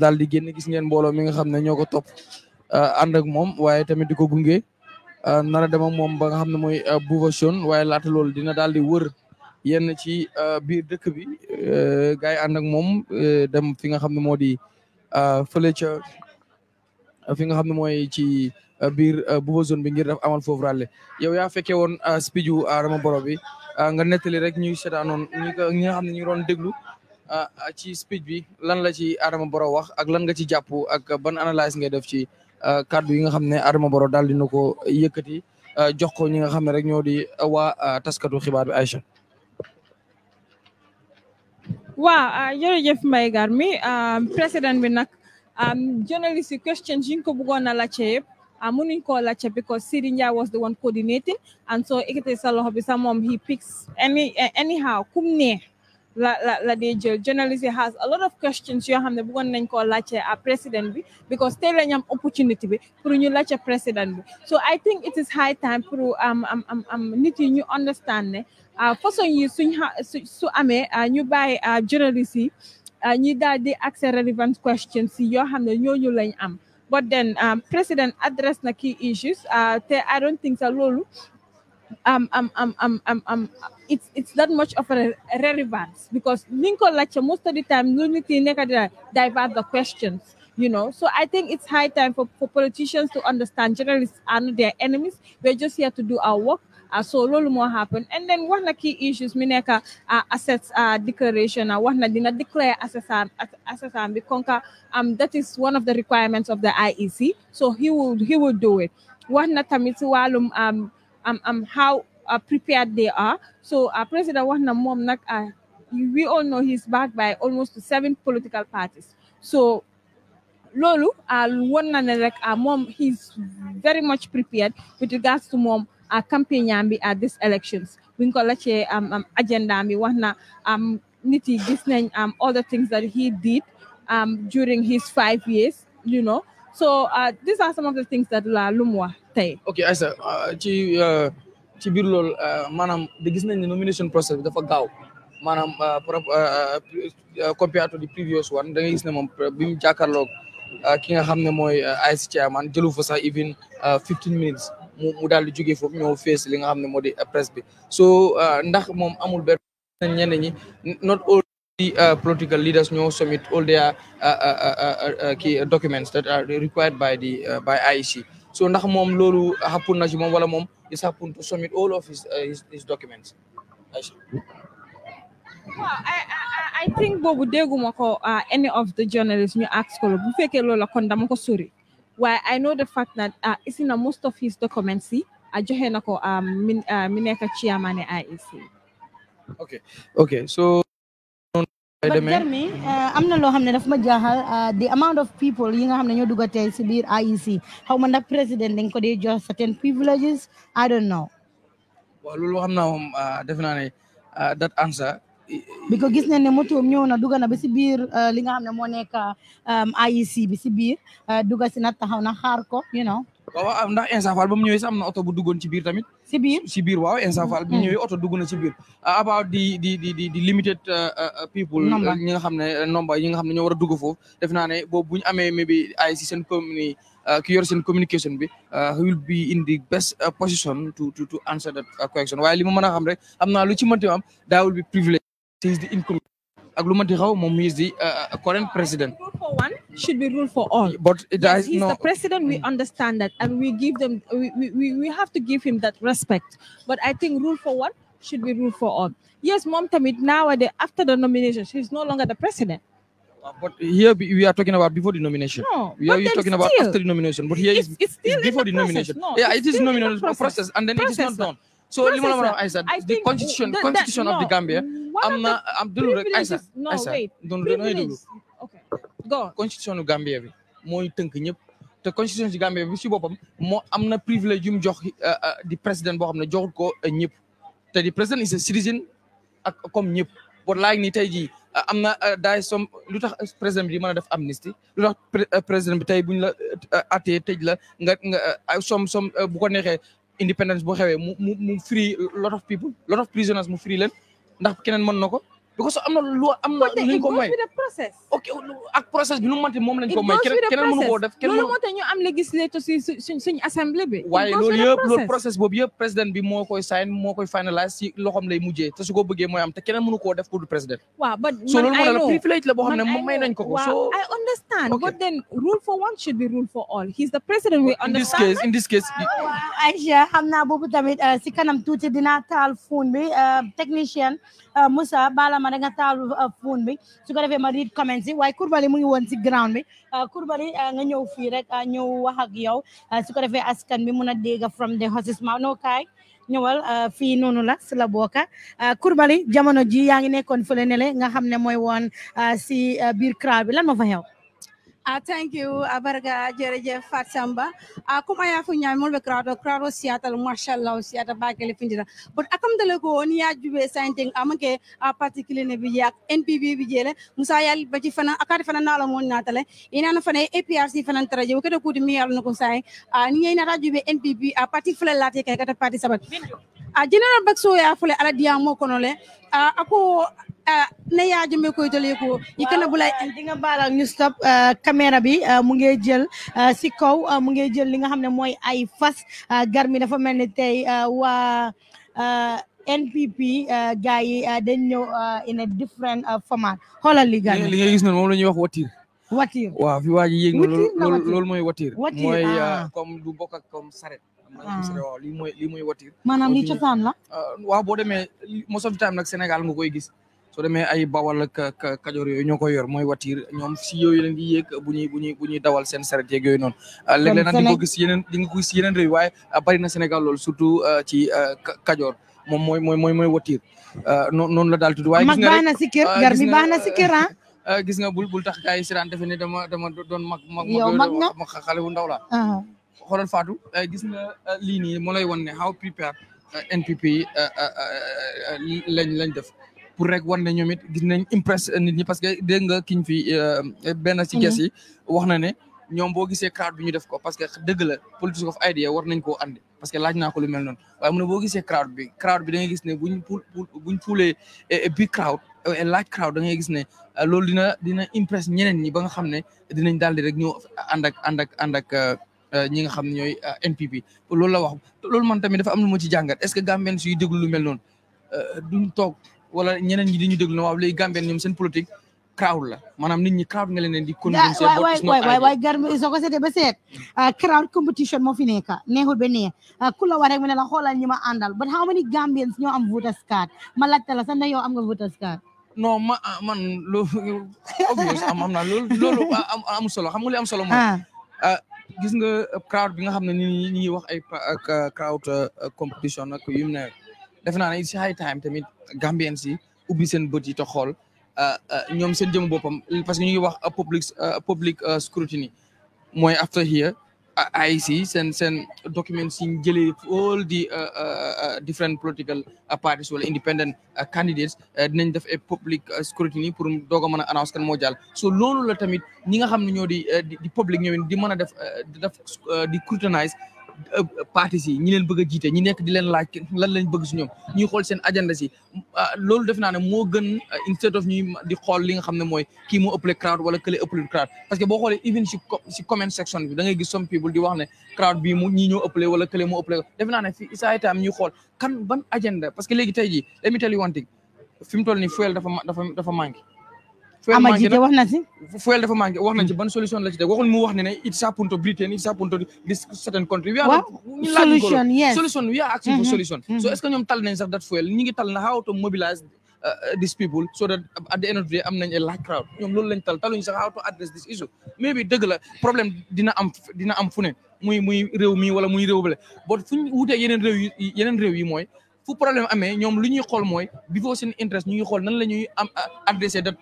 daal di génn gis ngeen mbooloo mi nga xam ne ñoo ko ak moom waaye tamit di ko gunge nar a dem ak moom ba nga xam ne mooy Buuba Sone waaye dina daal di wër. yenn ci euh, biir dëkk bi euh, gars yi ànd ak moom euh, dem fi nga xam ne moo di fële ca fi nga xam ne mooy ci biir bu zone bi ngir def amal foofu ràlle yow yaa fekkee woon speech wu Adama boro bi nga nettali rek ñuy seetaanoon ñi nga xam ne ñu roon déglu ci speech bi lan la ci Adama Barrow wax ak lan nga ci jàpp ak ban analyse ngay def ci kàddu yi nga xam ne Adama Barrow daal dina ko yëkkati jox ko ñi nga xam ne rek ñoo di waa taskatu xibaar bi Aïcha waaw ah, jërëjëf Mbaye Garmi ah, président bi nag ah, journalist you questions yi ñu ko bëggoon a laajte yëpp mënuñ koo because Sidinya was the one coordinating and so it is a lot of sa he picks any anyhow Kumne la la la journalist has a lot of questions You have ne bëggoon nañ koo laajte à président because tey la opportunity bi pour ñu président so I think it is high time for am um am um need you understand façon yi suñ su You buy a journalist yi ñi daal di accès relevant questions yi yoo xam ne you lañ am but then president address the key issues te I don't think sa loolu um, um, um, um, um, um, it's it's that much of a relevance because Lincoln lecture most of the time unity divert the questions, you know. So I think it's high time for, for politicians to understand journalists are not their enemies. We're just here to do our work. Ah, so loolu moo happen and then one of the key issues mi nekk ah, assets ah, declaration What did not declare assets am bi konka um, that is one of the requirements of the IEC so he will he will do it wax na um si wàllum um, um, how uh, prepared they are so president one na we all know he's backed by almost seven political parties so loolu one na like rek moom he's very much prepared with regards to moom Campaigning uh, campaign at these elections we ko laccee am um, um, agenda We want to, um, nit yi um, all the things that he did um, during his five years you know so uh, these are some of the things that la lumwa wax ok Aïssa uh, ci uh, biir loolu uh, maanaam da gis nañ ne nomination process bi dafa gaaw maanaam compared to the previous one da ngay gis ne moom bi mu jàkkaarloog ki nga xam ne mooy IC chairman jëlu fa sax even fifteen minutes mu di li nga eh, bi so eh, ndax amul ñi not all the eh, political leaders ñoo submit all their key documents that are required by the by IEC so ndax moom Lulu happen na ci wala is to submit all of his his documents I think Bobu dégguma ko any of the journalists ñu ask ko bu fekkee loola kon dama ko sori well, I know the fact that it's uh, in most of his documents yi joxe na ko um, mi uh, nekk chairman IEC. ok ok so. but Jeremy am na loo xam ne daf ma jaaxal the amount of people you know xam ne ñoo dugg tey si biir IEC How many président then could dee jox certain privileges I don't know. Well, loolu xam naa moom that answer. because gis nañ ne motoom ñëw na dugg na ba si uh, li nga xam ne moo nekk um, IEC bi si biir uh, dugg si na taxaw na xaar ko you know waaw ndax insafal ba mu ñëwee sax na oto bu duggoon ci biir tamit si biir si biir waaw insafal bu hmm. ñëwee dugg na ci biir uh, about di di di di di limited people ñi nga xam ne nomba ñi nga xam ne ñoo war a dugg foofu def naa ne boobu bu ñu amee maybe ay si e seen commune ki seen communication bi he will be in the best position to to to answer that question waaye li ma a xam rek am na lu ci mënti am daa will be privilege He is the incoming. Aglumantirao Mom is the uh, current president. Rule for one should be rule for all. But it yes, he's no, the president. We understand that, and we give them. We, we, we have to give him that respect. But I think rule for one should be rule for all. Yes, Mom Tamit nowadays after the nomination, she's no longer the president. Uh, but here we are talking about before the nomination. No, we are talking about after the nomination. But here it's, it's, it's before the, the nomination. No, yeah, it is nomination process. process. and then process. it is not done. so la the constitution constitution of the Gambia am not Aïssa Aïssa constitution du Gambia bi moy teunk ñep te constitution Gambia bi si bopam mo amna privilege yum jox euh, euh, di président bo xamne joxul ko euh, ñep te di president is a citizen comme ñep ni tay ji amna som bi def bi buñ la nga independence bu xewee mu mu mu free lot of people lot of prisoners mu free leen ndax keneen mën na ko because am na lu am na lu ñu ko may ok ak process bi nu mu mënti moom lañ ko may keneen mënu koo def keneen loolu moo tax ñu am législature si suñ suñ assemblée bi waaye loolu yëpp loolu process boobu yëpp président bi moo koy sign moo koy finalise si loxom lay mujjee te su ko bëggee mooy am te keneen mënu koo def pour du président waaw but so loolu moo tax la privilège la boo xam ne moom may nañ ko ko so I understand but then rule for one should be rule for all he's the president we understand in this case Aïcha xam naa boobu tamit euh, si kanam tuuti dinaa taal phone bi euh, technicien euh, Moussa Balama ma da nga taal euh, phone bi su ko defee ma read comments yi waaye Coulibaly mu ngi woon si ground bi Coulibaly euh, euh, nga ñëw fii rek ñëw wax ak yow su ko defee askan bi mun a dégg from the horse's mouth noo kaay ñëwal fii noonu la si la booka Coulibaly jamono jii yaa ngi nekkoon fële ne le nga xam ne mooy woon si biir crowd bi lan ma fa xew Uh, thank you, Abarga ah, Jereje Fatsamba. Uh, ah, kuma ya funya mulbe crowd crowd Seattle mashallah Seattle ba kele findira. But akam dale ko on ya jube sainting amake a particular ne biya NPB bijele Musa yal baji fana akari fana nala mon natale. e na fana APRC fana traje ko de ko mi yal no ko sai. Uh, ni ina jube NPB a parti fle latte kay kata parti sabat. a ah, general bakso ya fole ala diya mo kono le a ah, ako ah, yaa jëmee koy jëlee ko yi kana bulay di nga baalal ñu bi mu ngi jël si kaw mu ngi jël li nga xam ne mooy ay fas gar dafa mel ni tey waa NPP gars yi dañ ñëw in a different format xoolal li gars li nga gis noonu moom la ñuy wax watiir watiir waaw fi waa ji yéeg loolu mooy watiir mooy comme du bokk ak comme Ah. lii mooy lii mooy watir maanaam lii cosaan la euh, waaw boo demee most of the nag Sénégal nga koy gis soo demee ay bawal kajoor yooyu ñoo koy yor mooy watir ñoom si yooyu di yéeg bu ñuy bu ñuy bu ñuy dawal seen saret yeeg yooyu noonu euh, léeg-léeg nag di nga di nga ko gis yeneen réew waaye euh, bari na Sénégal loolu surtout ci kajoor moom mooy mooy mooy mooy watir noonu la daal tudd waaye gis na si kër gar na si kër ah. gis nga bul bul tax gars yi si daan defe ne dama dama doon mag xale bu ndaw la ah. xoolal Fatou euh, gis nga euh, lii nii moo lay won ne how prepare euh, NPP lañ lañ def pour rek wan ne ñoom it gis nañ impress nit ñi parce que dégg nga kiñ fi benn ci ges yi mhm. wax na ne ñoom boo gisee crowd bi ñu def ko parce que dëgg la politique of idea war nañ koo andi parce que laaj naa ko lu mel noonu waaye mu ne boo gisee crowd bi crowd bi da ngay gis ne buñ pu buñ puulee eh, eh, big crowd eh, laaj crowd da ngay gis ne loolu dina dina impress ñeneen ñi ba nga xam ne dinañ daal di rek ñëw ànd ak ànd ak ànd ak Euh, ñi nga xamni ñoy NPP euh, loolu la wax loolu man tamit dafa am lu mu ci jangat est-ce que Gambien suy deglu lu mel non euh, duñ tok wala ñeneen ñi diñu deglu waaw lay Gambien ñom seen politique crowd la manam nit ñi crowd nga leen di convaincre waay waay way way garmi soo ko sété ba sét crowd competition mo fi nekk neexul be neex ku la war rek mu la xolal ñima andal but how many Gambians ñoo am voters card ma la sax sa yow am nga voters card no ma ah, man loolu obvious am am naa loolu loolu ah, am solo xam nga li am solo mo gis nga crowd bi nga xam ne ni ñi ñuy wax ay euh, crowd euh, competition nag yu mu ne defe naa ne it's high tamit Gambien si ubbi seen bët yi te xool euh, ñoom seen jëm boppam parce que ñu ngi wax public public scrutiny mooy after IC send send documents yi ñu all the uh, uh, uh, different political parties wala independent candidates dinañ def a public scrutiny pour dogo meuna mën annonce kan mo dial so lolu la tamit ñi nga xamni ñoo di di public ñewin di mën the def def di scrutinize partis yi ñi leen bëgg a jiite ñi nekk di leen laaj lan lañ bëgg si ñoom ñuy xool seen agenda si ah, loolu def naa ne moo gën ah, instead of di xool li nga xam ne mooy kii moo ëppale crowd wala kële ëppale crowd parce que boo xoole even si si comment section bi da ngay gis some people di wax ne crowd bii mu ñii ñoo ëppale wala kële moo ëppale def naa saa itam ñuy xool kan ban agenda parce que léegi tey jii let me tell you one thing fi mu toll nii fuel dafa dafa dafa manqué ama jiite wax na si wax na ci ban solution la ci mu wax ne ne it's happened to Britain it's happened to this certain country we solution yes solution we are mm-hmm. solution so mm-hmm. est que ñoom tal nañ sax that fuel ñi ngi tal na how to mobilize uh, these people so that at the end of the day am nañ a large crowd ñoom loolu lañ tal taluñ sax how to address this issue mais bi dëgg la dina am dina am fu ne muy muy réew mi wala muy réew bale but fuñ wutee yeneen réew yi yeneen réew yi mooy fu problème amee ñoom lu ñuy xool mooy before seen interest ñu xool nan la ñuy am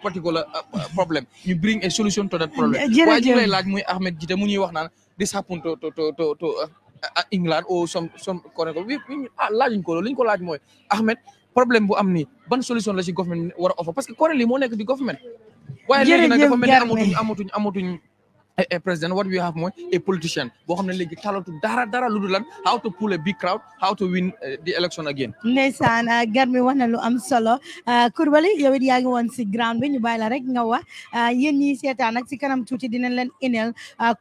particular uh, uh, problème ñu bring a solution to that problem waaye laaj muy Ahmed Jite mu ñuy wax naan this to uh, England or some some corner bi ah, ko loolu ko laaj mooy Ahmed problème bu am nii ban solution la ci government war a offer parce que corner lii moo nekk di government waaye léegi nag dafa mel a president what we have more a politician boo xam ne talatu dara dara lu lan how to pull a big crowd how to win the election again. ndeysaan Garmi wax na lu am solo Coulibaly yow it yaa ngi woon ground bi ñu bàyyi la rek nga wax yéen ñii seetaan ak si kanam tuuti dinañ leen inel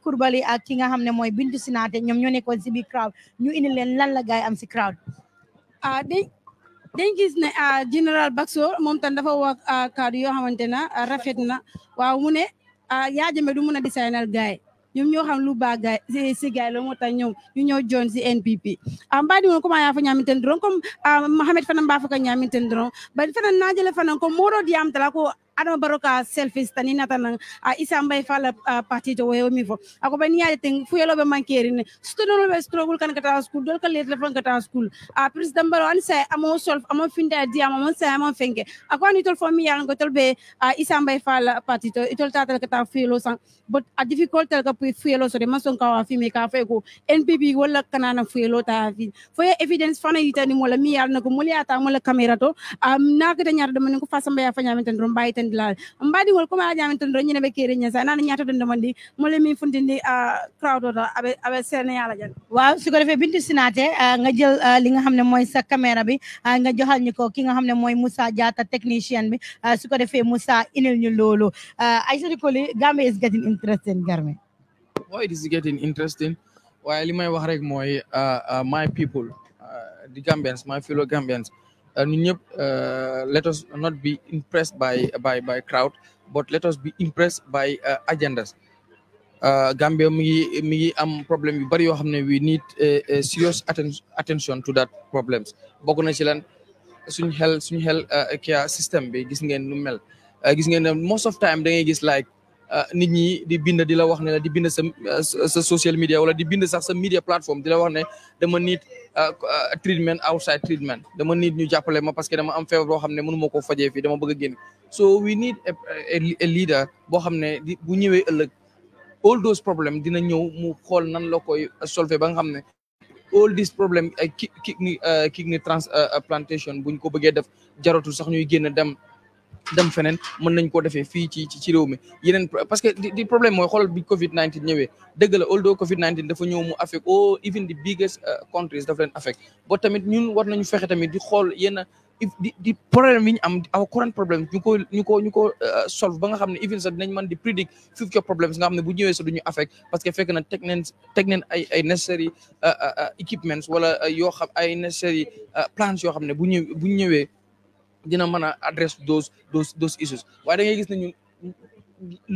Coulibaly ak ki nga xam ne mooy Bintu Sinaté ñoom ñoo nekkoon si biir crowd ñu inel leen lan la gaay am si crowd. ah day dañ gis ne général Baxo moom tan dafa wax kaddu yoo xamante na rafet na waaw mu ne. ah yaa jëmee du mun a designal gaay ñoom ñoo xam lu baa gaay si gaay la moo tax ñoom ñu ñoo join si NPP am ah, mbaadi woon comme yaa fa ñaaminten doron comme ah, Mohamed fanan mbaa faka ñaaminten doron bari fanan naa jële fanan comme moo doon diyaam tala ko aɗa baroka selfice tani natanan a ah, isa mbay fala ah, parti to woyo mi fo ako ɓe niyaade ten fuyeloɓe manquerine sutononoɓe strogul kan kata school dol ka letle fan kata school a ah, président mbaro ani sa amo solf amo finde a diyam amon sa amon fenke ako ani tol fo mi yarango tol ɓe a isa mbay fala parti to itol tatal kata fuyelo san but a difficult tel ka fuyelo sode ma son kawa fimi ka fay ko npp walla kanana fuyelo ta fi foye evidence fana fundilal mbadi wol kuma ala jamin tondo nyine be kere nyasa nana nyaato tondo le mi fundi ni a crowd do abe abe sen yalla jan waaw su ko defé bintu sinaté nga jël li nga xamné moy sa caméra bi nga joxal ñiko ki nga xamné moy Moussa Diatta technicien bi su ko defé Moussa inel ñu lolu Aïssa Koli gambe is getting interesting garme why it is getting interesting Why li may wax rek moy my people uh, the Gambians my fellow Gambians ñun uh, uh, let us not be impressed by by by crowd but let us be impressed by uh, agendas Gambia mi ngi mi ngi am problème yu bari yoo xam we need serious attention to that problems bokk na ci lan suñ xel suñ xel care system bi gis ngeen nu mel gis ngeen most of time da ngay gis like Euh, nit ñi di bind di la wax ne di bind sa euh, sa social media wala di bind sax sa media plateforme di la wax ne dama need euh, treatment outside treatment dama need ñu jàppale ma parce que dama am feebar boo xam ne mënu ma koo fajee fii dama bëgg a génn so we need a leader boo xam ne bu ñëwee ëllëg all those problem dina ñëw mu xool nan la koy solve ba nga xam ne all this problem kidney kidney transplantation buñ ko bëggee def jaratu sax ñuy génn dem dem feneen mën nañ koo defee fii ci ci réew mi yeneen parce que di problème mooy xoolal bi Covid 19 ñëwee dëgg la although Covid 19 dafa ñëw mu affect oh even the biggest uh, countries dafa leen affect ba tamit ñun war nañu fexe tamit di xool yenn di di problème yi ñu am aw current problème ñu ko ñu ko ñu ko uh, solve ba nga xam ne even sax dinañ mën di predict future problems nga xam ne bu ñëwee sax du ñu affect parce que fekk na teg neen teg neen ay ay necessary uh, equipments wala yoo xam ay necessary plans yoo xam ne bu ñëw bu ñëwee dina mën a address those those those issues waaye da ngay gis ne ñun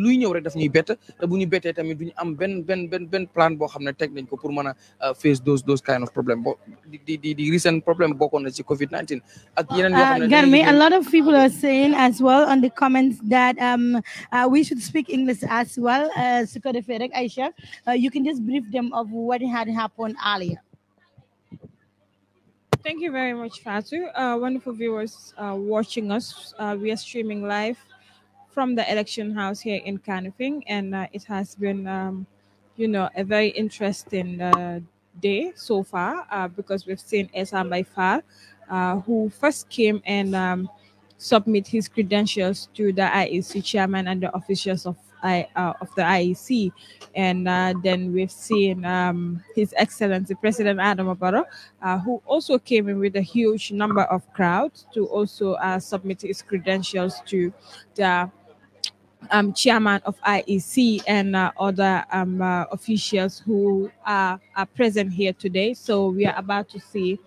luy ñëw rek daf ñuy bett te bu ñu bettee tamit duñu am benn benn benn benn plan boo xam ne teg nañ ko pour mën euh, face those those kind of problem bo di di di recent problem bokkoon na ci covid 19 ak yeneen yoo xam uh, a lot of people are saying as well on the comments that um uh, we should speak English as well uh, su ko defee rek Aisha uh, you can just brief them of what had happened earlier Thank you very much, Fatu. Uh, wonderful viewers uh, watching us. Uh, we are streaming live from the election house here in Canifing, and uh, it has been, um, you know, a very interesting uh, day so far uh, because we've seen Esam by far, who first came and um, submit his credentials to the IEC chairman and the officials of I, uh, of the IEC. And uh, then we've seen um, His Excellency President Adam Abaro, uh, who also came in with a huge number of crowds to also uh, submit his credentials to the um, chairman of IEC and uh, other um, uh, officials who are, are, present here today. So we are about to see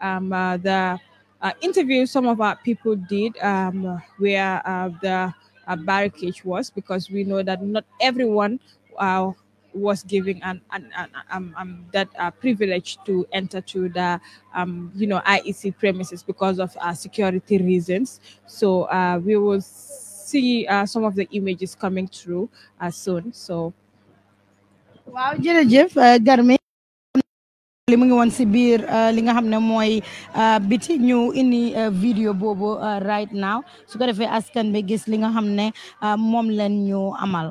um, uh, the uh, interview some of our people did, um, where uh, the a barricade was because we know that not everyone uh, was giving an, an, an, um, um that uh, privilege to enter to the um, you know IEC premises because of uh, security reasons. So uh, we will see uh, some of the images coming through uh, soon. So. Wow, Jerejef, uh, Garmin. li mu ngi woon si biir uh, li nga xam ne mooy uh, biti ñu indi uh, vidéo boobu right now su ko defee askan bi gis li nga xam ne moom leen ñu amal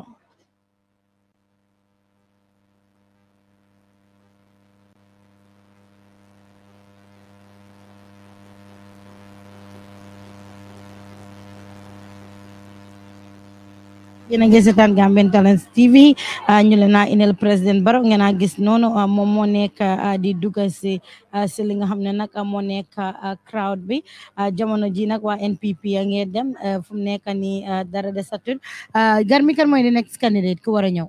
yéen a ngi seetaan Gambian Talents TV ah, ñu leen a inel président Barrow ngeen a gis noonu ah, moom moo nekk ah, di duga si si li nga xam ne nag moo nekk crowd bi jamono ji nag waa NPP a ngi dem fu mu nekk nii dara desatul Garmi kan mooy the next candidate ku war a ñëw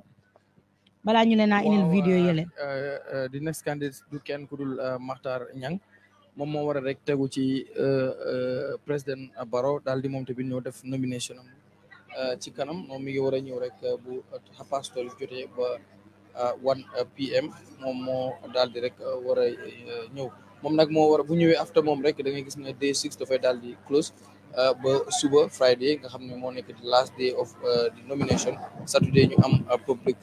balaa ñu leen a inel vidéo yële the next candidate du kenn ku dul Mahtar Nyang moom moo war a rek tegu ci président Barrow daal di moom tamit ñoo def nomination Uh, ci kanam moom mi ngi war a ñëw rek bu xapastol jotee ba 1 uh, pm moom moo daal di rek uh, war a ñëw moom nag moo war bu ñëwee after moom rek da ngay gis ne day six dafay daal di close ba suba friday nga xam ne moo nekk di last day of the nomination saturday ñu am public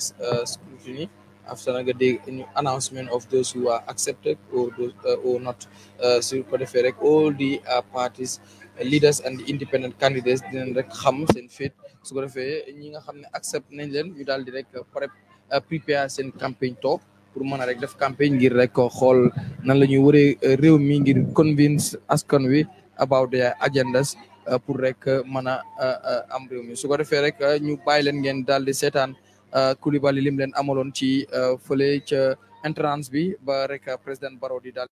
scrutiny after nag day ñu announcement of those who are accepted or or not su ko defee rek all the parties leaders and independent candidates dinañ rek xam seen fit su ko defee ñi nga xam ne accept nañ leen ñu daal di rek prep euh, prepare seen campagne toog pour mën a rek def campagne ngir rek xool nan la ñuy waree euh, réew mi ngir convince askan wi about their agendas euh, pour rek mën a am réew mi su ko defee rek ñu bàyyi leen ngeen daal di seetaan Coulibaly lim leen amaloon ci fële ca entrance bi ba rek président Barodi. di daal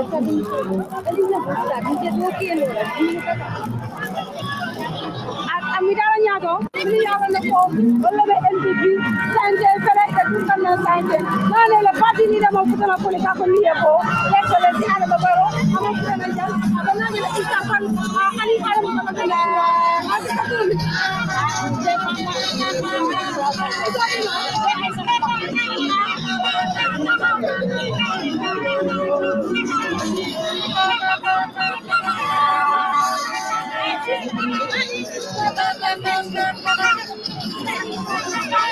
Ami dara ñaato na ko wala be NPP sante Bye bye.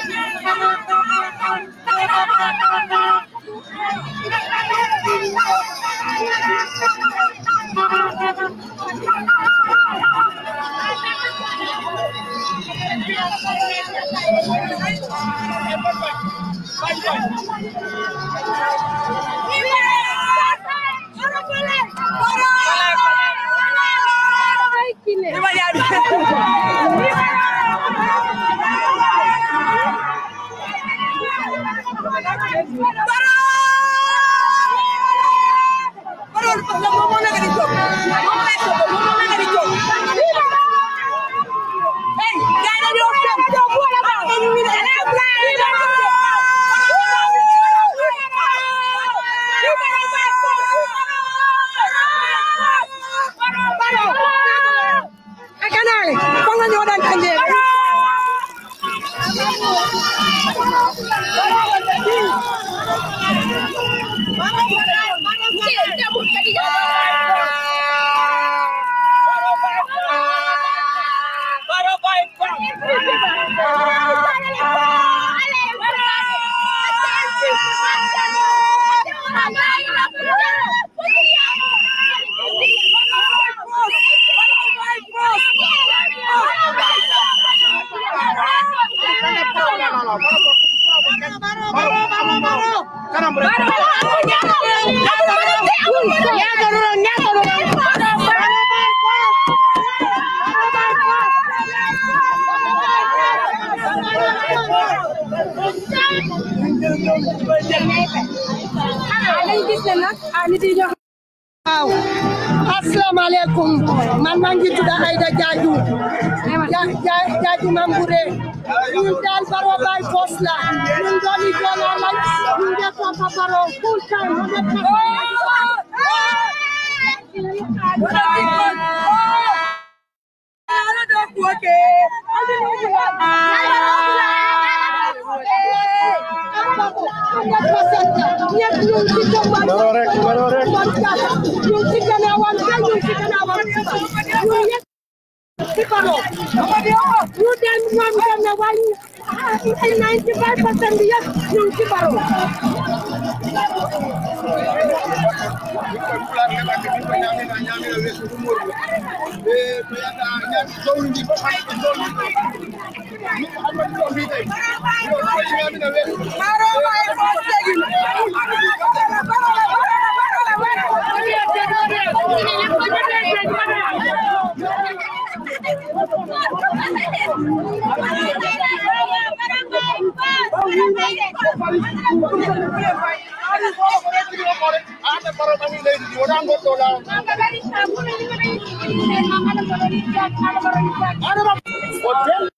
Hotel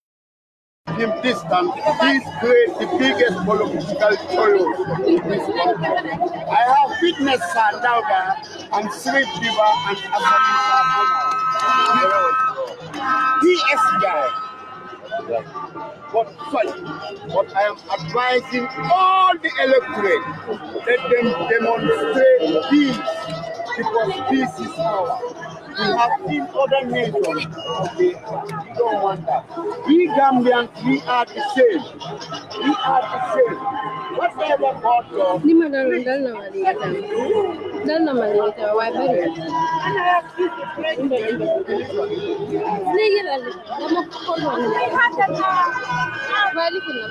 him distant, this creates the biggest political toil in this country. I have witnessed Sandauga and Sri Diva and Asadisa PS guy. But fight. But I am advising all the electorate, let them demonstrate peace, because peace is power. We have seen other nations. we don't want that. We Gambians, we are the same. We are the same. Whatever culture. Ni madam, dal na mali kita. Dal na mali kita. Why bari? Legal ali. Damo kono. Wali kuna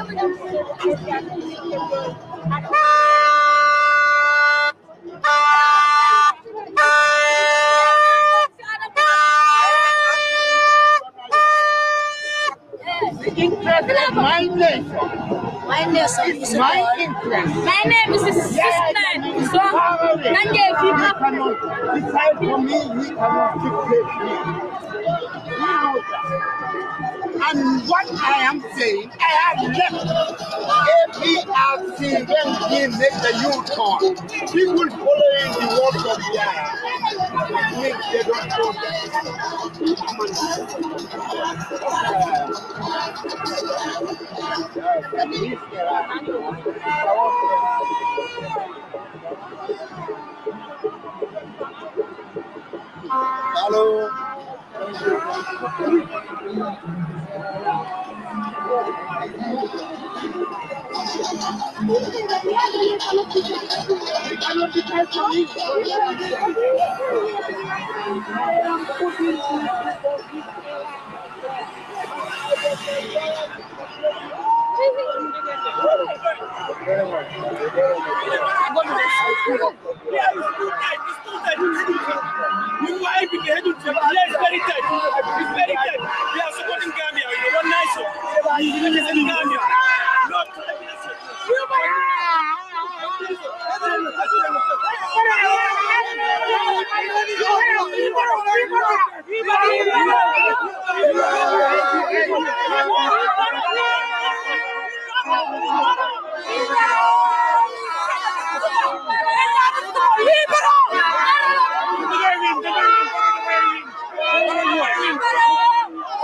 mali. Anje. my name is Sistman. So, Nange, if you come. Decide for me, he cannot dictate me. And what I am saying, I have left APRC when he made the U-turn. People following the work of the eye. They don't know Hello we We are supporting Gambia your nation. In Ghana. Lord, Libero! Libero!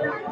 Thank you.